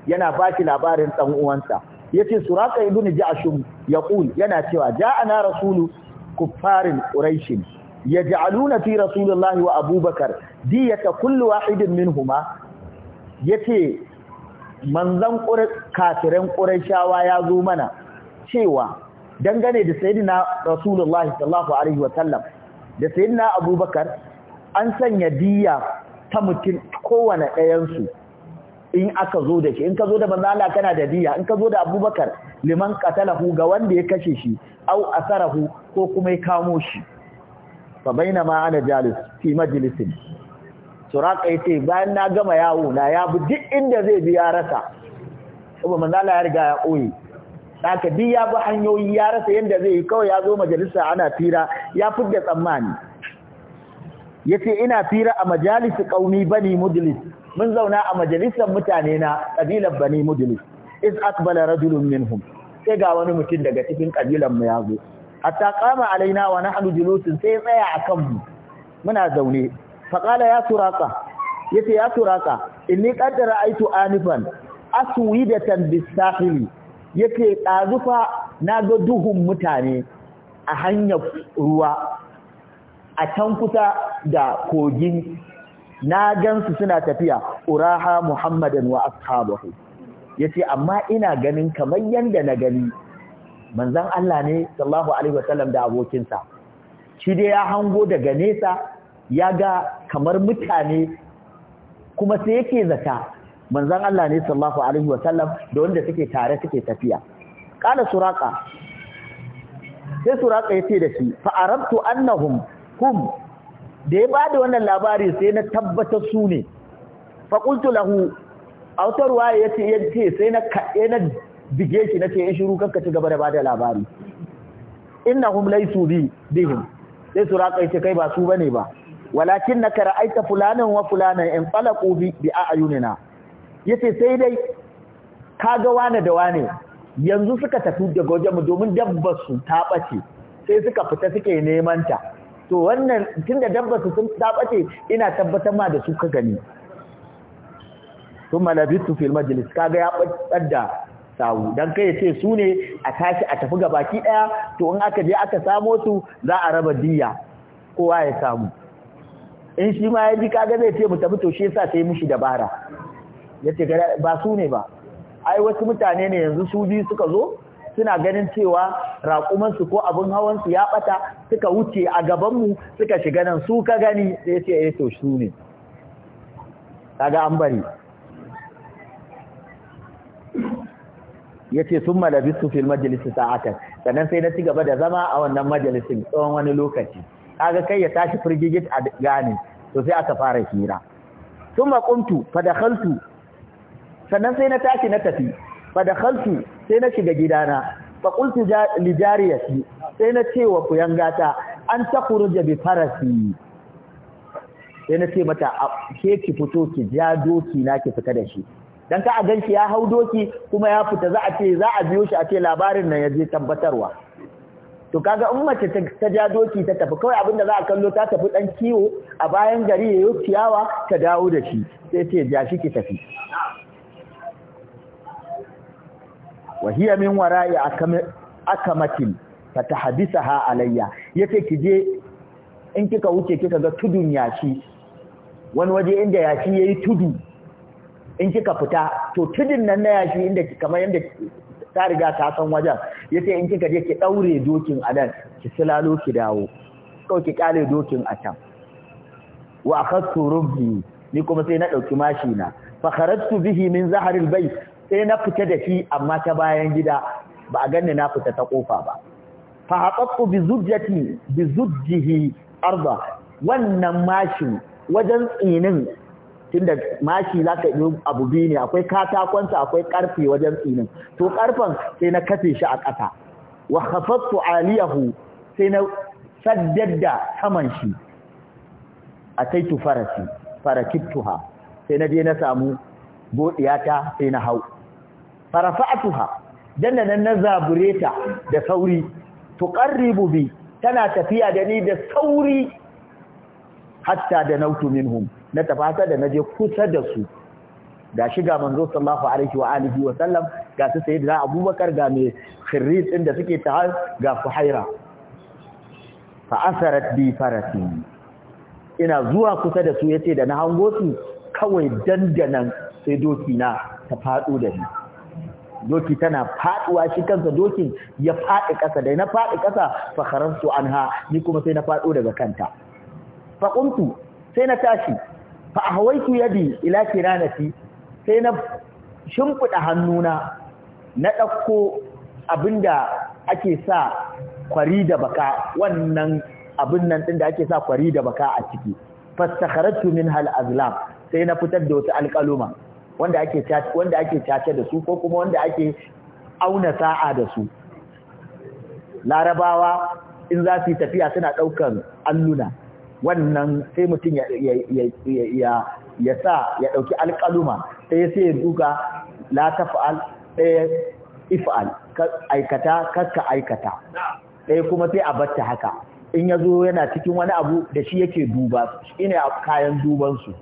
yana ba baki labarin ɗan'uwansa. uwansa ya ce ji a shi ya ƙul yana cewa a na rasulu kuffarin ƙuraishin ya nuna fi rasulullahi wa abubakar diyata kullu min huma ya ce manzan kafirin ƙuraishawa ya zo mana cewa dangane da sayyidina rasulullahi sallallahu alaihi wa sallam da sayyidina abubakar an sanya diyya ta mutum kowane ɗayansu in aka zo da shi in ka zo da manzo Allah kana da diya in ka zo da abubakar liman qatalahu ga wanda ya kashe shi au asarahu ko kuma ya kamo shi fa bainama ana jalis fi majlisin suraka yace bayan na gama yawo na ya bi duk inda zai bi ya rasa kuma manzo Allah ya riga ya koyi haka duk ya bi hanyoyi ya rasa yadda zai yi kawai ya zo majalisa ana fira ya fidda tsammani ya ce ina fira a majalisi ƙauni bani mudlis mun zauna a majalisar mutane na ƙabilar bani mudlis is akbala rajulun minhum sai ga wani mutum daga cikin ƙabilar mu ya zo hatta qama alaina wa nahnu julusun sai tsaya akan mu muna zaune faƙala ya suraka yace ya suraka inni qad ra'aytu anifan aswidatan bis-sahili yake ɗazufa na ga duhun mutane a hanyar ruwa a can kusa da kogin na gansu suna tafiya uraha muhammadan wa ashabahu yace amma ina ganin kamar yadda na gani manzon Allah ne Sallahu alaihi wasallam da abokinsa shi dai ya hango daga nesa ya ga kamar mutane kuma sai yake zata manzon Allah ne sallallahu alaihi wa sallam da wanda suke tare suke tafiya qala suraqa sai suraka yace da shi fa arabtu annahum hum da ya bada wannan labari sai na tabbata su ne fa qultu lahu autarwa yace yace sai na kaɗe na bige shi nace in shiru kanka ci gaba da bada labari innahum laysu bi bihim sai suraka yace kai ba su bane ba walakin naka ra'aita fulanan wa fulanan in falaqu bi a'yunina yace sai dai kaga wane da wane yanzu suka tafi daga mu domin dabbar su ta bace sai suka fita suke neman ta to wannan tunda dabbar su sun ta bace ina tabbatar ma da su ka gani thumma labitu fil majlis kaga ya da sawu dan kai yace su ne a tashi a tafi gabaki daya to in aka je aka samo su za a raba diya kowa ya samu in shi ma ya ji kaga zai ce mu tafi to shi yasa sai mushi dabara yace ba su ne ba ai wasu mutane ne yanzu su biyu suka zo suna ganin cewa raƙumansu ko abin hawansu ya ɓata suka wuce a gabanmu suka shiga nan su ka gani sai ce ya eh, to su ne kaga an bari ce sun su fil majalisi sa'atan sannan sai na ci gaba da zama a wannan majalisin tsawon wani lokaci kaga kai ya tashi firgigit a gane to sai aka fara hira sun maƙuntu fa sannan sai na tashi na tafi fa da dakhaltu sai na shiga gidana fa qultu li jariyati sai na ce wa kuyangata an takhruja bi farasi sai na ce mata ke ki fito ki ja doki na ki fita da shi dan ka a shi ya hau doki kuma ya fita za a ce za a biyo shi a ce labarin nan ya je tabbatarwa to kaga in mace ta ja doki ta tafi kawai abin da za a kallo ta tafi dan kiwo a bayan gari yayi ciyawa ta dawo da shi sai ce ja shi ki tafi wa hiya min wara'i akamatin ha alayya yace kije in kika wuce kika ga tudun yashi wani waje inda yashi yayi tudu in kika fita to tudun nan na yashi inda kamar yanda ta riga ta san wajen yace in kika je ki daure dokin adan ki silalo ki dawo ko ki kale dokin a can wa akhadtu rubbi ni kuma sai na dauki mashi na fa kharajtu bihi min zahril bayt sai na fita da shi amma ta bayan gida ba a ganni na fita ta kofa ba fa haqqaqtu bi zujjati bi zujjihi arda wannan mashi wajen tsinin tunda mashi za ka yi abu biyu ne akwai katakonsa akwai karfe wajen tsinin to karfen sai na kafe shi a ƙasa wa khafattu aliyahu sai na saddadda saman shi a taitu farasi farakittuha sai na je na samu bodiyata sai na hau farafa'atuha dan nan na zabure da sauri tuqarribu bi tana tafiya da ni da sauri hatta da nautu minhum na tafasa da naje kusa da su ga shiga manzo sallallahu alaihi wa alihi wa sallam ga su sayyidina abubakar ga mai khirrit din da suke ta ga fuhaira fa asarat bi farati ina zuwa kusa da su yace da na hango su kawai dandanan sai doki na ta fado da ni doki tana faduwa shi kansa dokin ya fadi kasa dai na fadi kasa fa anha ni kuma sai na fado daga kanta fa qumtu sai na tashi fa ahawaitu yadi ila kiranati sai na shimfida hannuna na dauko abinda ake sa kwari da baka wannan abin nan din da ake sa kwari da baka a ciki fastakharatu min hal azlam sai na fitar da wata alƙaluma wanda ake wanda ake tace da su ko kuma wanda ake auna sa'a da su larabawa in za su tafiya suna ɗaukan alluna wannan sai mutum ya ya sa ya ɗauki alƙaluma ɗaya sai ya duka la taf'al ɗaya if'al aikata kakka aikata ɗaya kuma sai a haka in ya zo yana cikin wani abu da shi yake duba shi ne kayan dubansu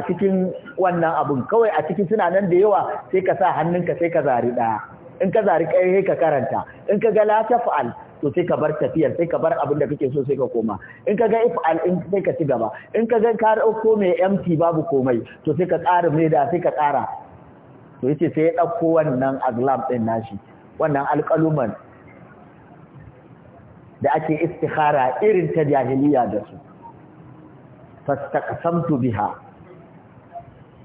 a cikin wannan abun kawai a cikin suna nan da yawa sai ka sa hannunka sai ka zari ɗaya in ka zari kai ka karanta in ka ga la fa'al to sai ka bar tafiyar sai ka bar abin da kake so sai ka koma in ka ga if'al in sai ka ci gaba in ka ga ka dauko mai empty babu komai to sai ka tsara mai da sai ka tsara to yace sai ya dauko wannan aglam din nashi wannan alƙaluman da ake istikhara irin ta jahiliya da su fastaqsamtu biha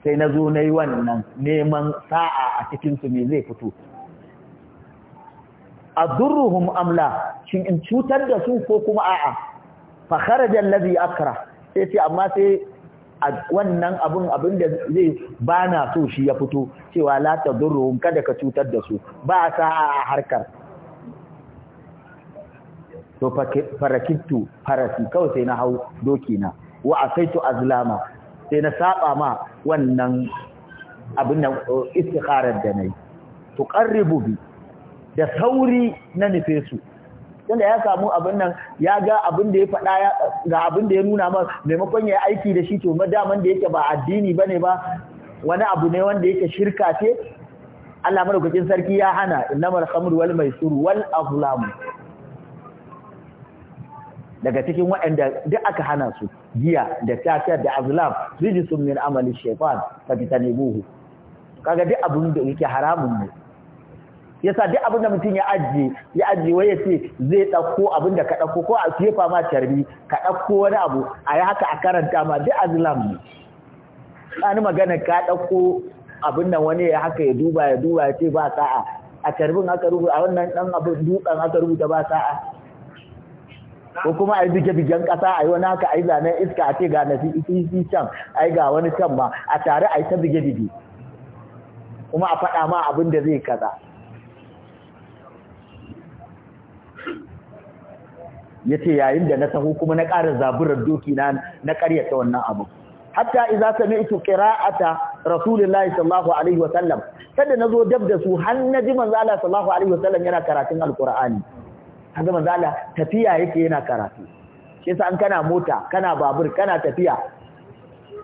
sai na zo na yi wannan neman sa'a a cikinsu me zai fito a zurruhun amla shin in cutar da su ko kuma a'a fa kharaja allazi akra sai ce amma sai wannan abun abin da zai ba na so shi ya fito cewa la zurruhun, kada ka cutar da su ba sa'a a harkar to farakittu farasi kawai sai na hau doki na wa asaitu azlama sai na saba ma wannan abin da uh, istikharar da nayi to qarribu bi da sauri na nufe su tunda ya samu abin nan ya ga abin da ya faɗa ga abin da ya nuna ma maimakon ya aiki da shi to daman da yake ba addini bane ba wani abu ne wanda yake shirka ce Allah madaukakin sarki ya hana innamal khamru wal maisuru wal daga cikin waɗanda duk aka hana su giya da tafiyar da azlam rijisun min amali shaytan buhu kaga duk abin da yake haramun ne yasa duk abin da mutum ya ajiye ya ajiye wai ce zai dauko abin da ka dauko ko a jefa ma tarbi ka dauko wani abu a yi haka a karanta ma duk azlam ne ani magana ka dauko abin nan wani ya haka ya duba ya duba ya ce ba sa'a a tarbin aka rubuta a wannan dan abin dutsen aka rubuta ba sa'a ko kuma a yi bige-bigen ƙasa a yi wani haka a yi zanen iska a ce ga nafi isi can a yi ga wani can ma a tare a yi ta bige-bige kuma a faɗa ma abin da zai kaza ya ce yayin da na taho kuma na ƙara zaburar doki na na ƙaryata wannan abu hatta iza sami'tu qira'ata rasulullahi sallallahu alaihi Wasallam, kada nazo dab da su har naji manzo Allah sallallahu alaihi Wasallam yana karatun alqur'ani kaga manzo Allah tafiya yake yana karatu shi yasa an kana mota kana babur kana tafiya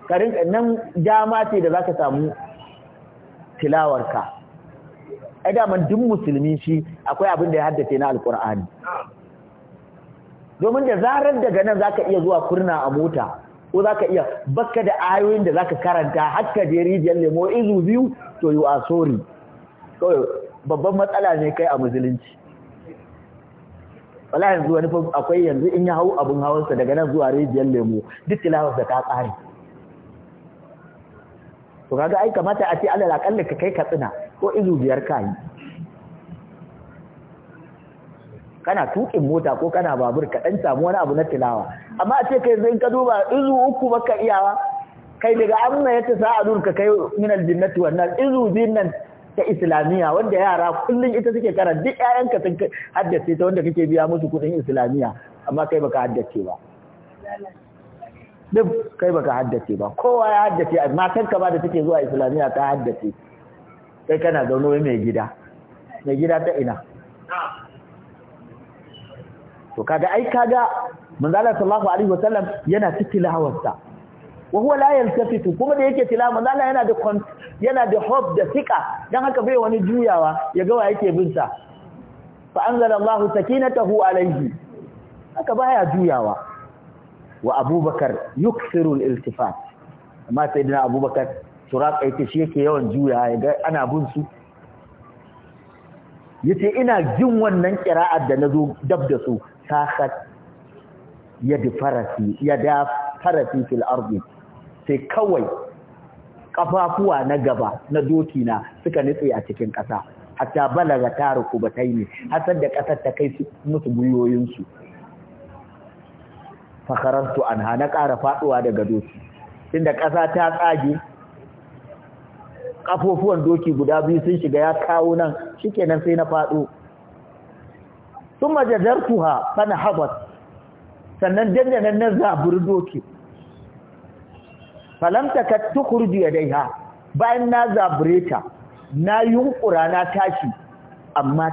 karin nan dama ce da zaka samu tilawarka ai da man duk musulmi shi akwai abin da ya haddace na alqur'ani domin da zarar daga nan zaka iya zuwa kurna a mota ko zaka iya bakka da ayoyin da zaka karanta hakka da rijiyar lemo izu biyu to you are sorry kawai babban matsala ne kai a musulunci wala yanzu wani akwai yanzu in ya hau abin hawansa daga nan zuwa rijiyar lemu duk tilawar da ta ƙare to kaga ai kamata a ce alal akalla ka kai katsina ko izu biyar ka yi kana tukin mota ko kana babur ka dan samu wani abu na tilawa amma a ce kai in ka duba izu uku baka iyawa kai daga amma yace sa'adun ka kai min aljinnati wannan izu din nan ta islamiyya wanda yara kullum ita suke kara duk ƴaƴanka sun haddace ta wanda kake biya musu kuɗin islamiyya amma kai baka haddace ba duk kai baka haddace ba kowa ya haddace matan ka ba da take zuwa islamiyya ta haddace kai kana zaune mai gida mai gida ta ina to kaga ai kaga manzo Allah sallallahu alaihi wasallam yana cikin lahawarsa wa huwa la yaltafitu kuma da yake tilama Allah yana da yana da hope da dan haka bai wani juyawa ya ga wa yake bin sa fa anzala Allah sakinatahu alayhi haka baya juyawa wa Abubakar yukthiru al-iltifat amma sayyidina Abubakar turaq yake shi yake yawan juyawa ya ga ana bin su yace ina jin wannan kira'ar da nazo dab da su sakat yadi farasi yada farasi fil ardi sai kawai kafafuwa na gaba na doki na suka nutse a cikin ƙasa hatta balaga taru ne, hasar da ƙasar ta kai musu guyoyinsu fakararsu anha na ƙara faduwa daga doki tunda ƙasa ta tsage kafofuwan doki guda biyu sun shiga ya kawo nan shikenan sai na fado sun majajartuha fana habat sannan dandanan na zaburi doki falamta ka tukurji ha bayan na zabure ta na yunkura na tashi amma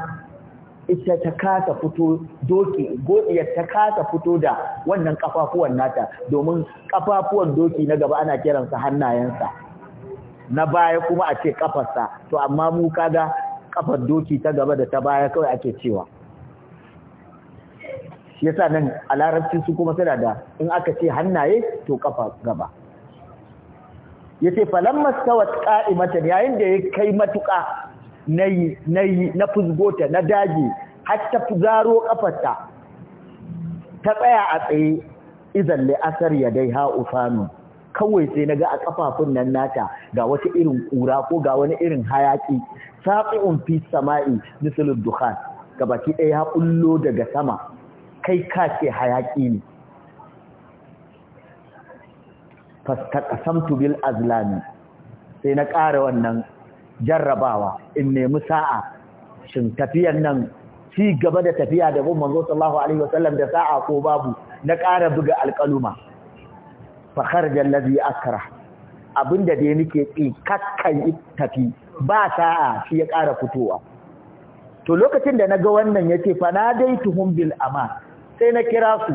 ita ta kasa fito doki godiyar ta kasa fito da wannan kafafuwan nata domin kafafuwan doki na gaba ana kiransa hannayensa na baya kuma a ce kafarsa to amma mu kaga kafar doki ta gaba da ta baya kawai ake cewa yasa nan a larabci su kuma suna da in aka ce hannaye to kafa gaba Ya ce falamma stawat matan yayin da ya kai matuka nayi na fuzgota na daji har ta fuzaro kafarta ta tsaya a tsaye izan la'asar ya dai ha'u ufanu kawai sai na ga a kafafun nan nata ga wata irin ƙura ko ga wani irin hayaki saqi'un fi sama'i mislud dukhan gabaki ɗaya ya kullo daga sama kai kace hayaƙi ne fastaqasamtu bil azlami sai na ƙara wannan jarrabawa in nemi sa'a shin tafiyan nan ci gaba da tafiya da bin manzo sallallahu alaihi wasallam da sa'a ko babu na ƙara buga alƙaluma fa kharaja allazi akra abinda da nake tsikakkan tafi ba sa'a shi ya ƙara fitowa to lokacin da naga wannan yace fa nadaituhum bil ama sai na kira su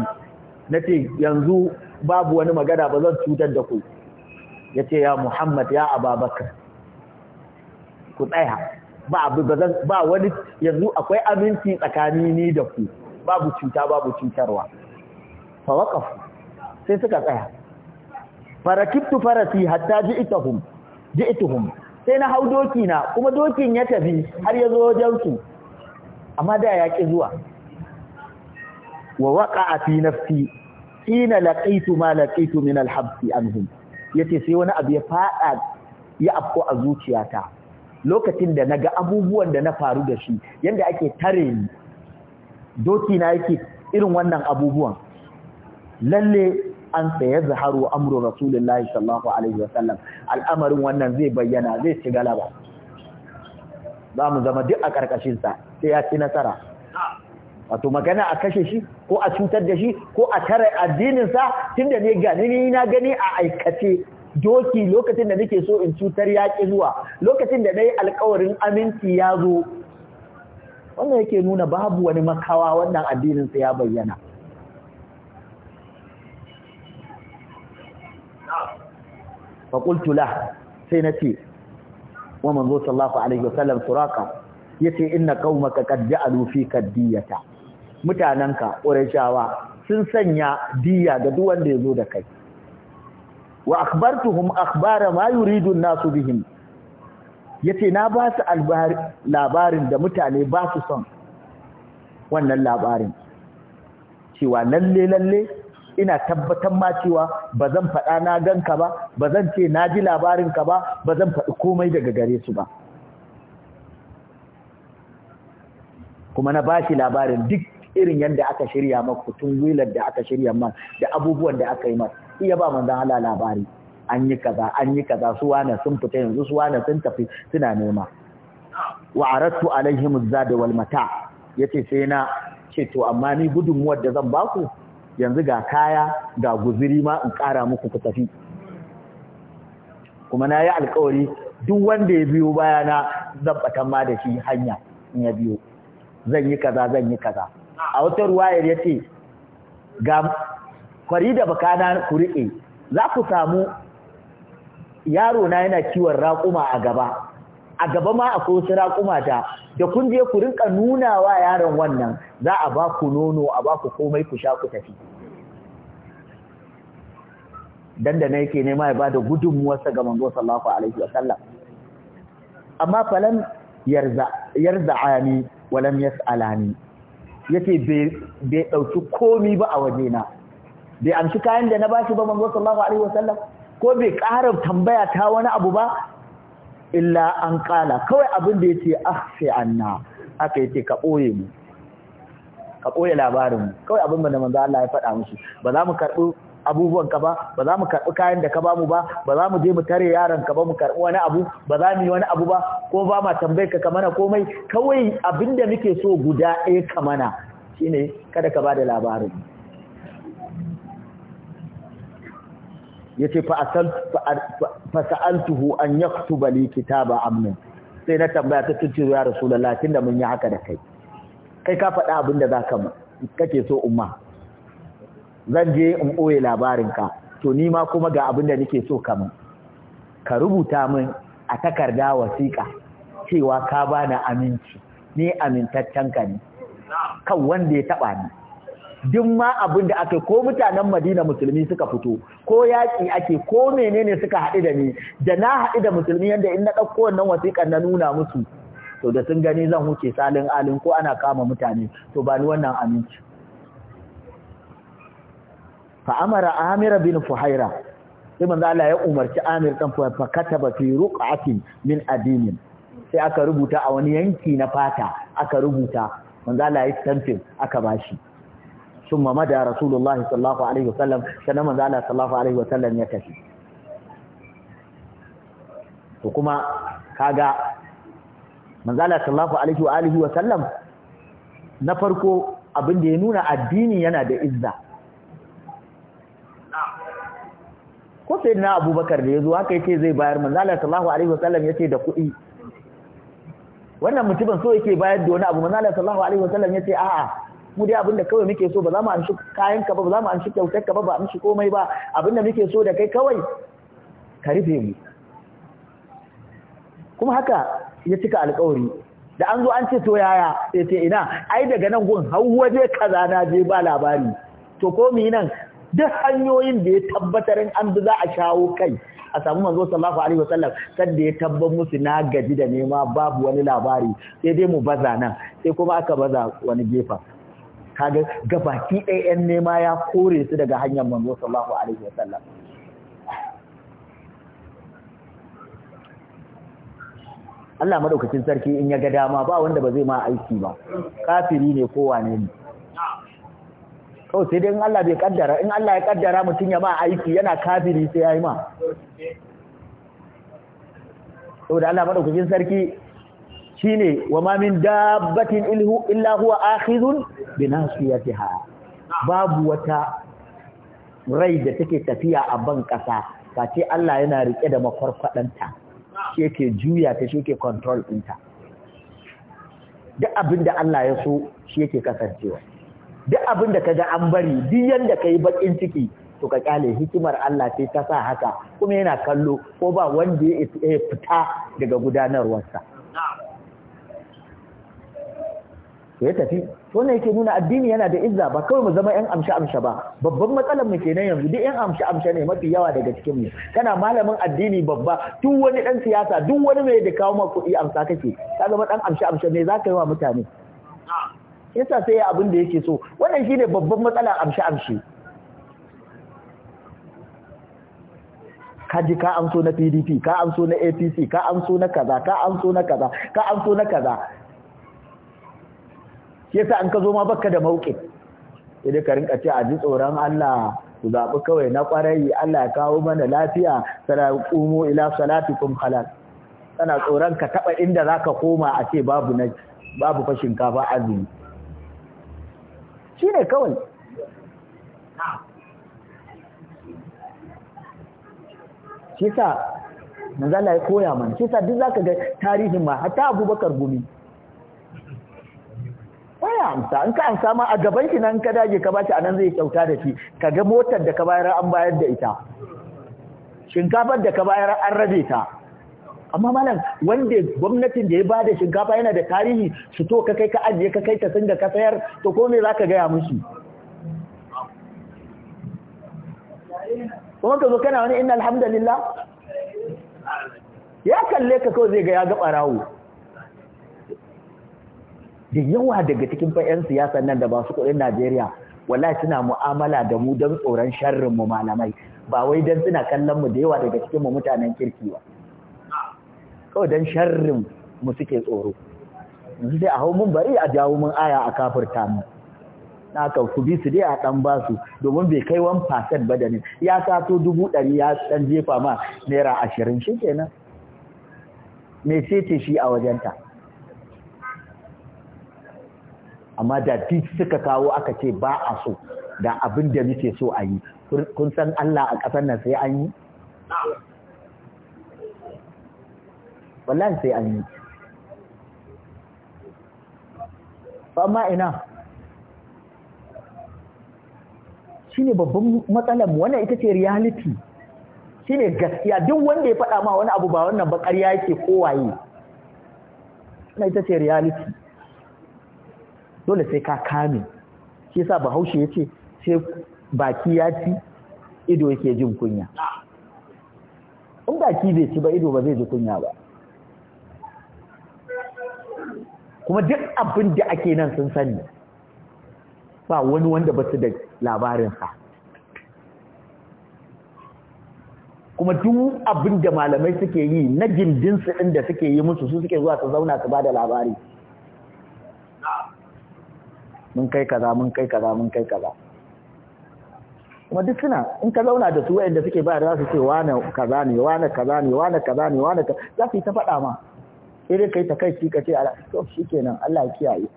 nace yanzu babu wani magana ba zan cutar da ku ya ce ya muhammad ya ababakar ku tsaya ba abu ba wani yanzu akwai aminci tsakani ni da ku babu cuta babu cutarwa fa waqafu sai suka tsaya Farakiftu farasi hatta ji'tuhum ji'tuhum sai na hau doki na kuma dokin ya tafi har ya zo wajen su amma da ya ki zuwa wa waqa'a fi nafsi hina laqaitu ma laqaitu min alhabsi anhum yace sai wani abu ya faɗa ya afko a zuciyata lokacin da naga abubuwan da na faru da shi yadda ake tare ni doki na yake irin wannan abubuwan lalle an saya zaharu amru rasulullahi sallallahu alaihi wasallam al'amarin wannan zai bayyana zai ci galaba za mu zama duk a ƙarƙashinsa sai ya ci nasara wato magana a kashe shi ko a cutar da shi ko a tare addininsa tunda ne gani ni na gani a aikace doki lokacin da nake so in cutar ƙi zuwa lokacin da dai alƙawarin aminci ya zo wannan yake nuna babu wani makawa wannan addininsa ya bayyana faƙultu sai na ce wa manzo sallallahu alaihi wasallam suraka yace inna qaumaka qad a fika diyata mutanenka ƙurashawa sun sanya diya ga duk wanda ya zo da kai wa akhbartuhum akhbara ma yuridu nasu bihim yace na ba su labarin da mutane ba su son wannan labarin cewa lalle lalle ina tabbatar ma cewa ba zan faɗa na ganka ba ba zan ce na ji labarinka ba ba zan faɗi komai daga gare su ba kuma na ba shi labarin duk irin yadda aka shirya maka tun wilar da aka shirya ma da abubuwan da aka yi ma iya ba manzan Allah labari an yi kaza an yi kaza su wane sun fita yanzu su wane sun tafi suna nema wa aratu alaihim zada wal mata yace sai na ce to amma ni gudunmuwar da zan baku yanzu ga kaya ga guziri ma in kara muku ku tafi kuma na yi alkawari duk wanda ya biyo bayana zan batan ma da shi hanya in ya biyo zan yi kaza zan yi kaza a wata ruwayar ya ce ga farida baka bakana ku riƙe za ku samu yaro na yana kiwon raƙuma a gaba a gaba ma akwai wasu raƙuma ta da kun je ku rinka nuna wa yaron wannan za a ba ku nono a ba ku komai ku sha ku tafi dan da yake nema ya bada gudunmuwarsa ga manzo sallallahu alaihi wasallam amma falan yarza ani walam yas'alani yace bai ɗauki komi ba a waje na bai amshi kayan da na bashi ba manzo sallallahu alaihi wasallam ko bai ƙara tambaya ta wani abu ba illa an kala kawai abin da yace ah, sai anna aka yace ka ɓoye mu ka ɓoye labarin kawai abin da manzo Allah ya faɗa mushi ba za mu karɓi abubuwan ka ba ba za mu karɓi kayan da ka ba mu ba ba za mu je mu tare yaran ka ba mu karbi wani abu ba za mu yi wani abu ba ko ba ma tambayar ka mana komai kawai abin da muke so guda ɗaya kamana mana shine kada ka ba da labarin yace fa asal fa sa'altuhu an yaktuba li kitaba amna, sai na tambaya ta tunce ya rasulullahi tunda mun yi haka da kai kai ka faɗa abin da zaka mu kake so umma zan je in ɓoye labarinka to ni ma kuma ga abin da nake so kamar ka rubuta min a takarda wasiƙa cewa ka bani aminci ni amintaccen ka ne kan wanda ya taɓa ni duk ma abin da aka ko mutanen Madina musulmi suka fito ko yaƙi ake ko menene suka haɗu da ni da na haɗu da musulmi yadda in na ɗauko wannan wasiƙar na nuna musu to da sun gani zan wuce salin alin ko ana kama mutane to ba ni wannan aminci fa amara amira bin fuhaira sai manzo Allah ya umarci amir ɗan fuhaira fa kataba fi ruqatin min adinin, sai aka rubuta a wani yanki na fata aka rubuta manzo Allah ya stamping aka bashi summa mada rasulullah sallallahu alaihi wasallam sai manzo Allah sallallahu alaihi wasallam ya tafi to kuma kaga manzo Allah sallallahu alaihi wa alihi wasallam na farko abin da ya nuna addini yana da izza ko sai na abubakar da ya zo haka yake zai bayar manzala sallallahu alaihi wasallam yace da kuɗi wannan mutumin so yake bayar da wani abu manzala sallallahu alaihi wasallam yace a'a mu dai abinda kawai muke so ba za mu amshi kayan ka ba ba za mu amshi kyautar ka ba ba amshi komai ba abinda muke so da kai kawai ka rufe mu kuma haka ya cika alƙawari da an zo an ce to yaya sai ce ina ai daga nan gun har waje kaza na je ba labari to ko mi nan duk hanyoyin da ya tabbatar in an bi za a shawo kai a samu manzo sallallahu alaihi wasallam da ya tabbar musu na gaji da nema babu wani labari sai dai mu baza nan sai kuma aka baza wani gefa kaga gabaki ɗaya yan nema ya kore su daga hanyar manzo sallallahu alaihi wasallam Allah madaukakin sarki in ya ga dama ba wanda ba zai ma aiki ba kafiri ne kowa ne ne kawai sai dai in Allah bai kaddara in Allah ya kaddara mutum ya ma aiki yana kafiri sai yayi ma da Allah madaukakin sarki shine wa ma min dabbatin illa huwa akhidhun bi nasiyatiha babu wata rai da take tafiya a ban kasa face Allah yana rike da makwarkwaɗanta? shi yake juya ta shi yake control ɗinta duk abin da Allah ya so shi yake kasancewa duk abin da kaga an bari duk yanda kai bakin ciki to ka kyale hikimar Allah sai ta sa haka kuma yana kallo ko ba wanda ya fita daga gudanarwarsa to ya tafi To wannan yake nuna addini yana da izza ba kawai mu zama yan amsha amshe ba babban matsalar mu kenan yanzu duk yan amsha amshe ne mafi yawa daga cikin mu kana malamin addini babba duk wani ɗan siyasa duk wani mai da kawo ma kuɗi amsa kake ka zama ɗan amshe amshe ne zaka yi wa mutane yasa sai ya abin da yake so wannan shine babban matsala amshi amshi kaji ka amso na PDP ka amso na APC ka amso na kaza ka amso na kaza ka amso na kaza yasa an ka zo ma baka da mauke idan ka rinka ce a ji tsoron Allah ku zaɓi kawai na ƙwarai Allah ya kawo mana lafiya sana ƙumo ila salatikum halal kana tsoron ka taɓa inda zaka koma a ce babu na babu fa shinkafa azumi shi ne kawai shi sa manzala ya koya mana shi sa duk ka ga tarihin ma hata abubakar gumi baya amsa in ka amsa ma a gaban shi nan ka dage ka bashi anan zai kyauta da shi ka ga motar da ka bayar an bayar da ita shinkafar da ka bayar an rabe ta amma malam wanda gwamnatin da ya ba da shinkafa yana da tarihi su to ka kai ka ajiye ka kai ta sun da ka sayar to ko ne za ka gaya musu kuma ka zo kana wani inna alhamdulillah ya kalle ka kawai zai ga ya ga barawo da yawa daga cikin fa'yan siyasa nan da ba su kudin Najeriya wala suna mu'amala da mu don tsoron sharrin mu malamai ba wai don suna kallon mu da yawa daga cikin mu mutanen kirki ba kawai don sharrin mu suke tsoro yanzu sai a hau mun bari a jawo mun aya a kafirta mu na ka ku bi su dai a ɗan ba su domin bai kai 1% ba da ne ya sato dubu ɗari ya ɗan jefa ma naira ashirin shi kenan me ce shi a wajenta amma da duk suka kawo aka ce ba a so da abin da muke so a yi kun san Allah a ƙasar nan sai an yi wallahi sai an yi amma ina shi ne babban matsalar wannan ita ce reality shi ne gaskiya duk wanda ya faɗa ma wani abu ba wannan ba ƙarya yake kowaye wannan ita ce reality dole sai ka kame shi yasa bahaushe ya ce sai baki ya ci ido yake jin kunya in baki bai ci ba ido ba zai ji kunya ba kuma duk abin da ake nan sun sani ba wani wanda ba su da labarinsa kuma duk abin da malamai suke yi na gindinsu inda suke yi musu su suke zuwa su zauna su ba da labari mun kai kaza mun kai kaza mun kai kaza kuma duk suna in ka zauna da su wayanda suke ba da za su ce wane kaza ne wane kaza ne wane kaza ne wane kaza za su yi ta faɗa ma kai ta kai shi ka ce ala to shikenan Allah ya kiyaye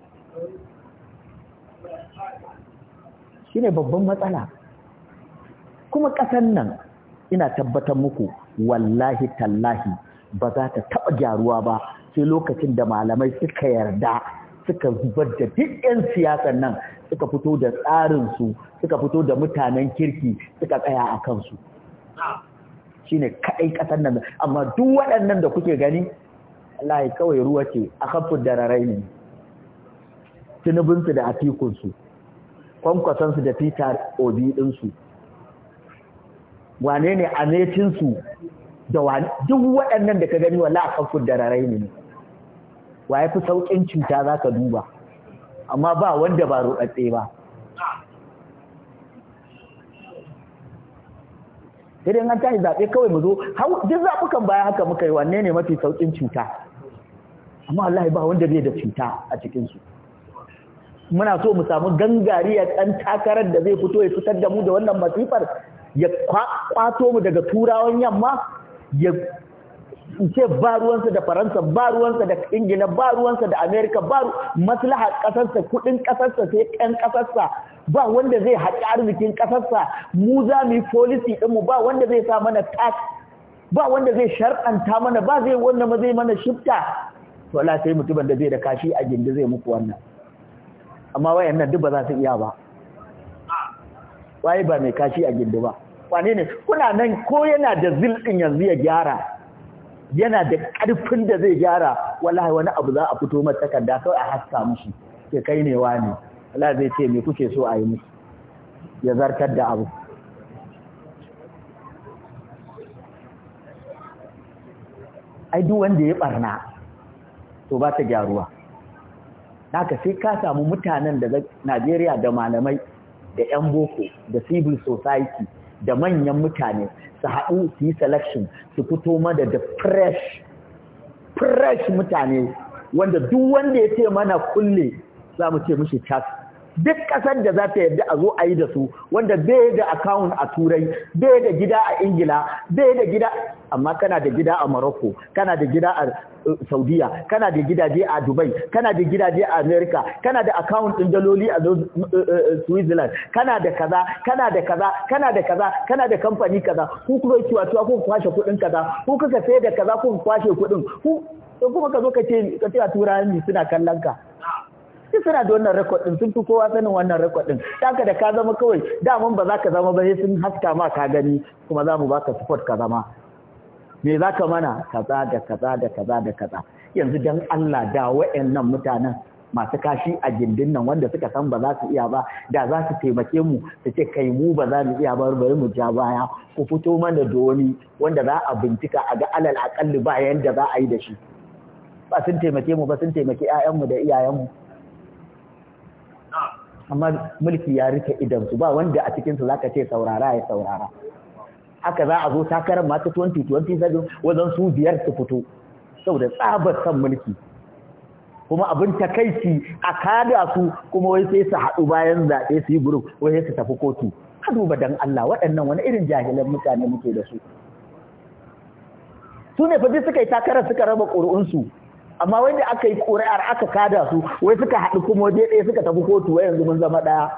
shine babban matsala kuma ƙasan nan ina tabbatar muku wallahi tallahi ba za ta taɓa gyaruwa ba sai lokacin da malamai suka yarda suka zubar da duk 'yan siyasan nan suka fito da tsarinsu suka fito da mutanen kirki suka tsaya a kansu shi ne kaɗai ƙasar nan amma duk waɗannan da kuke gani Allah kawai ruwa ce a kafin dararai ne tunubinsu da atikunsu kwankwasansu da peter obi ɗinsu wane ne ametinsu da wane duk waɗannan da ka gani wala a kafin dararai ne wa ya fi sauƙin cuta za ka duba amma ba wanda ba ruɗaɗɗe ba idan an tashi zaɓe kawai mu zo duk zaɓukan bayan haka muka yi wanne ne mafi sauƙin cuta amma Allah ba wanda zai da cuta a cikin su muna so mu samu gangari ya dan takarar da zai fito ya fitar da mu da wannan masifar ya kwato mu daga turawan yamma ya ce ba ruwansa da faransa ba ruwansa da ingila ba ruwansa da amerika ba maslahar kasarsa kudin kasarsa sai kan kasarsa ba wanda zai haƙi arzikin kasarsa mu za mu yi policy ɗinmu ba wanda zai sa mana tax ba wanda zai shar'anta mana ba zai wanda ma zai mana shifta to Allah sai mutumin da zai da kashi a gindi zai muku wannan amma wayannan duk ba za su iya ba waye ba mai kashi a gindi ba wane ne kuna nan ko yana da zil yanzu ya gyara yana da karfin da zai gyara wallahi wani abu za a fito masa takarda kawai a haska mushi sai kai ne wani Allah zai ce me kuke so a yi mushi ya zartar da abu ai duk wanda ya barna to ba ta gyaruwa naka sai ka samu mutanen da Najeriya da malamai da 'yan boko da civil society da manyan mutane su haɗu su yi selection su fito mana da fresh fresh mutane wanda duk wanda ya ce mana kulle za mu ce mushi cas duk ƙasar da za ta yadda a zo a yi da su wanda bai da account a turai bai da gida a ingila bai da gida amma kana da gida a Morocco kana da gida a uh, Saudiya kana da gidaje a Dubai kana da gidaje a America kana da account din daloli a uh, uh, Switzerland kana da kaza kana da kaza kana da kaza kana da kamfani kaza ku kuma kiwa to ku kwashe kudin kaza ku kuka sai da kaza ku kwashe kudin ku kuma ka zo ka ce ka ce a turani suna kallon ka sai suna da wannan rekod ɗin sun fi kowa sanin wannan rekod din haka da ka zama kawai daman ba za ka zama ba sai sun haska ma ka gani kuma za mu baka support ka zama me za ka mana kaza da kaza da kaza da kaza yanzu don Allah da wa'annan mutanen masu kashi a gindin nan wanda suka san ba za su iya ba da za su taimake mu su ce kai mu ba za mu iya ba bari mu ja baya ku fito mana da wanda za a bincika a ga alal akalli ba yanda za a yi da shi ba sun taimake mu ba sun taimake ƴaƴanmu da iyayenmu amma mulki ya rike idan su ba wanda a cikin su zaka ce saurara ya saurara haka za a zo takarar mata 2027 wajen su biyar su fito saboda tsabar kan mulki kuma abin takaici a kada su kuma wai sai su haɗu bayan zaɓe su yi guruf wai su tafi kotu ka duba don Allah waɗannan wani irin jahilan mutane muke da su su ne fa suka yi takarar suka raba ƙuri'unsu amma wanda aka yi ƙuri'ar aka kada su wai suka haɗu kuma waje ɗaya suka tafi kotu wai yanzu mun zama ɗaya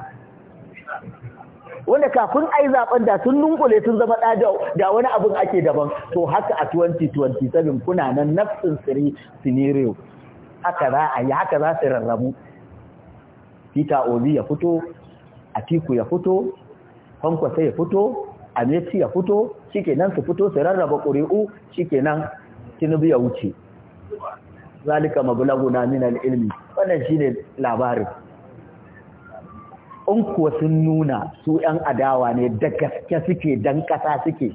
wanda kafin ai zaben da sun nunkule sun zama da da wani abin ake daban to haka a 2027 kuna nan nafsin siri scenario haka za a yi haka za su rarrabu Peter Obi ya fito Atiku ya fito Kwankwasa ya fito Ameti ya fito shikenan su fito su rarraba ƙuri'u shikenan Tinubu ya wuce zalika mablaguna min al-ilmi wannan shine labarin in kuwa sun nuna su ‘yan adawa ne da gaske suke dan ƙasa suke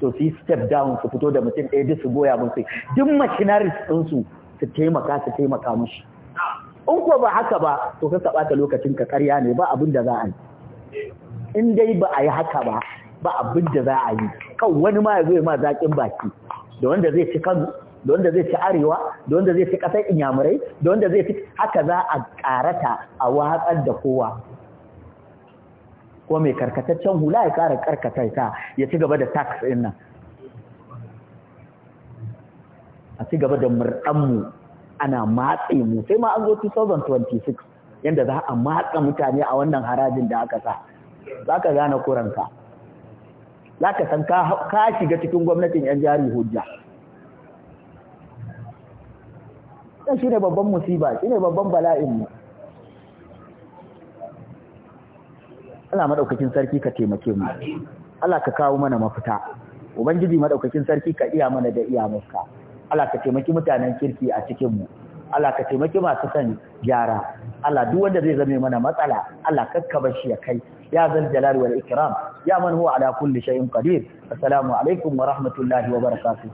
to su step down su fito da mutum ɗaya duk su goya mun sai duk machinaris ɗinsu su taimaka su taimaka mushi in kuwa ba haka ba to ka ta lokacin ka karya ne ba abin da za a yi in dai ba a yi haka ba ba abin da za a yi kan wani ma ya zo ma zaƙin baki da wanda zai ci kano da wanda zai ci arewa da wanda zai ci ƙasar inyamurai da wanda zai ci haka za a ƙarata a watsar da kowa ko mai karkataccen hula ya kara ƙara ta ya ci gaba da tax ɗin nan a ci gaba da murɗanmu ana matse mu sai ma an zo 2026 yadda za a matsa mutane a wannan harajin da aka sa za ka gane kuranka za ka san ka shiga cikin gwamnatin 'yan jari hujja ɗan shi ne babban musiba shi ne babban bala'in mu. Allah madaukakin sarki ka taimake mu Allah ka kawo mana mafita ubangiji madaukakin sarki ka iya mana da iya muska Allah ka taimaki mutanen kirki a cikin mu Allah ka taimaki masu son gyara Allah duk wanda zai zame mana matsala Allah kakkaba shi ya kai ya zal jalal wal ikram ya man huwa ala kulli shay'in qadir assalamu alaikum wa rahmatullahi wa barakatuh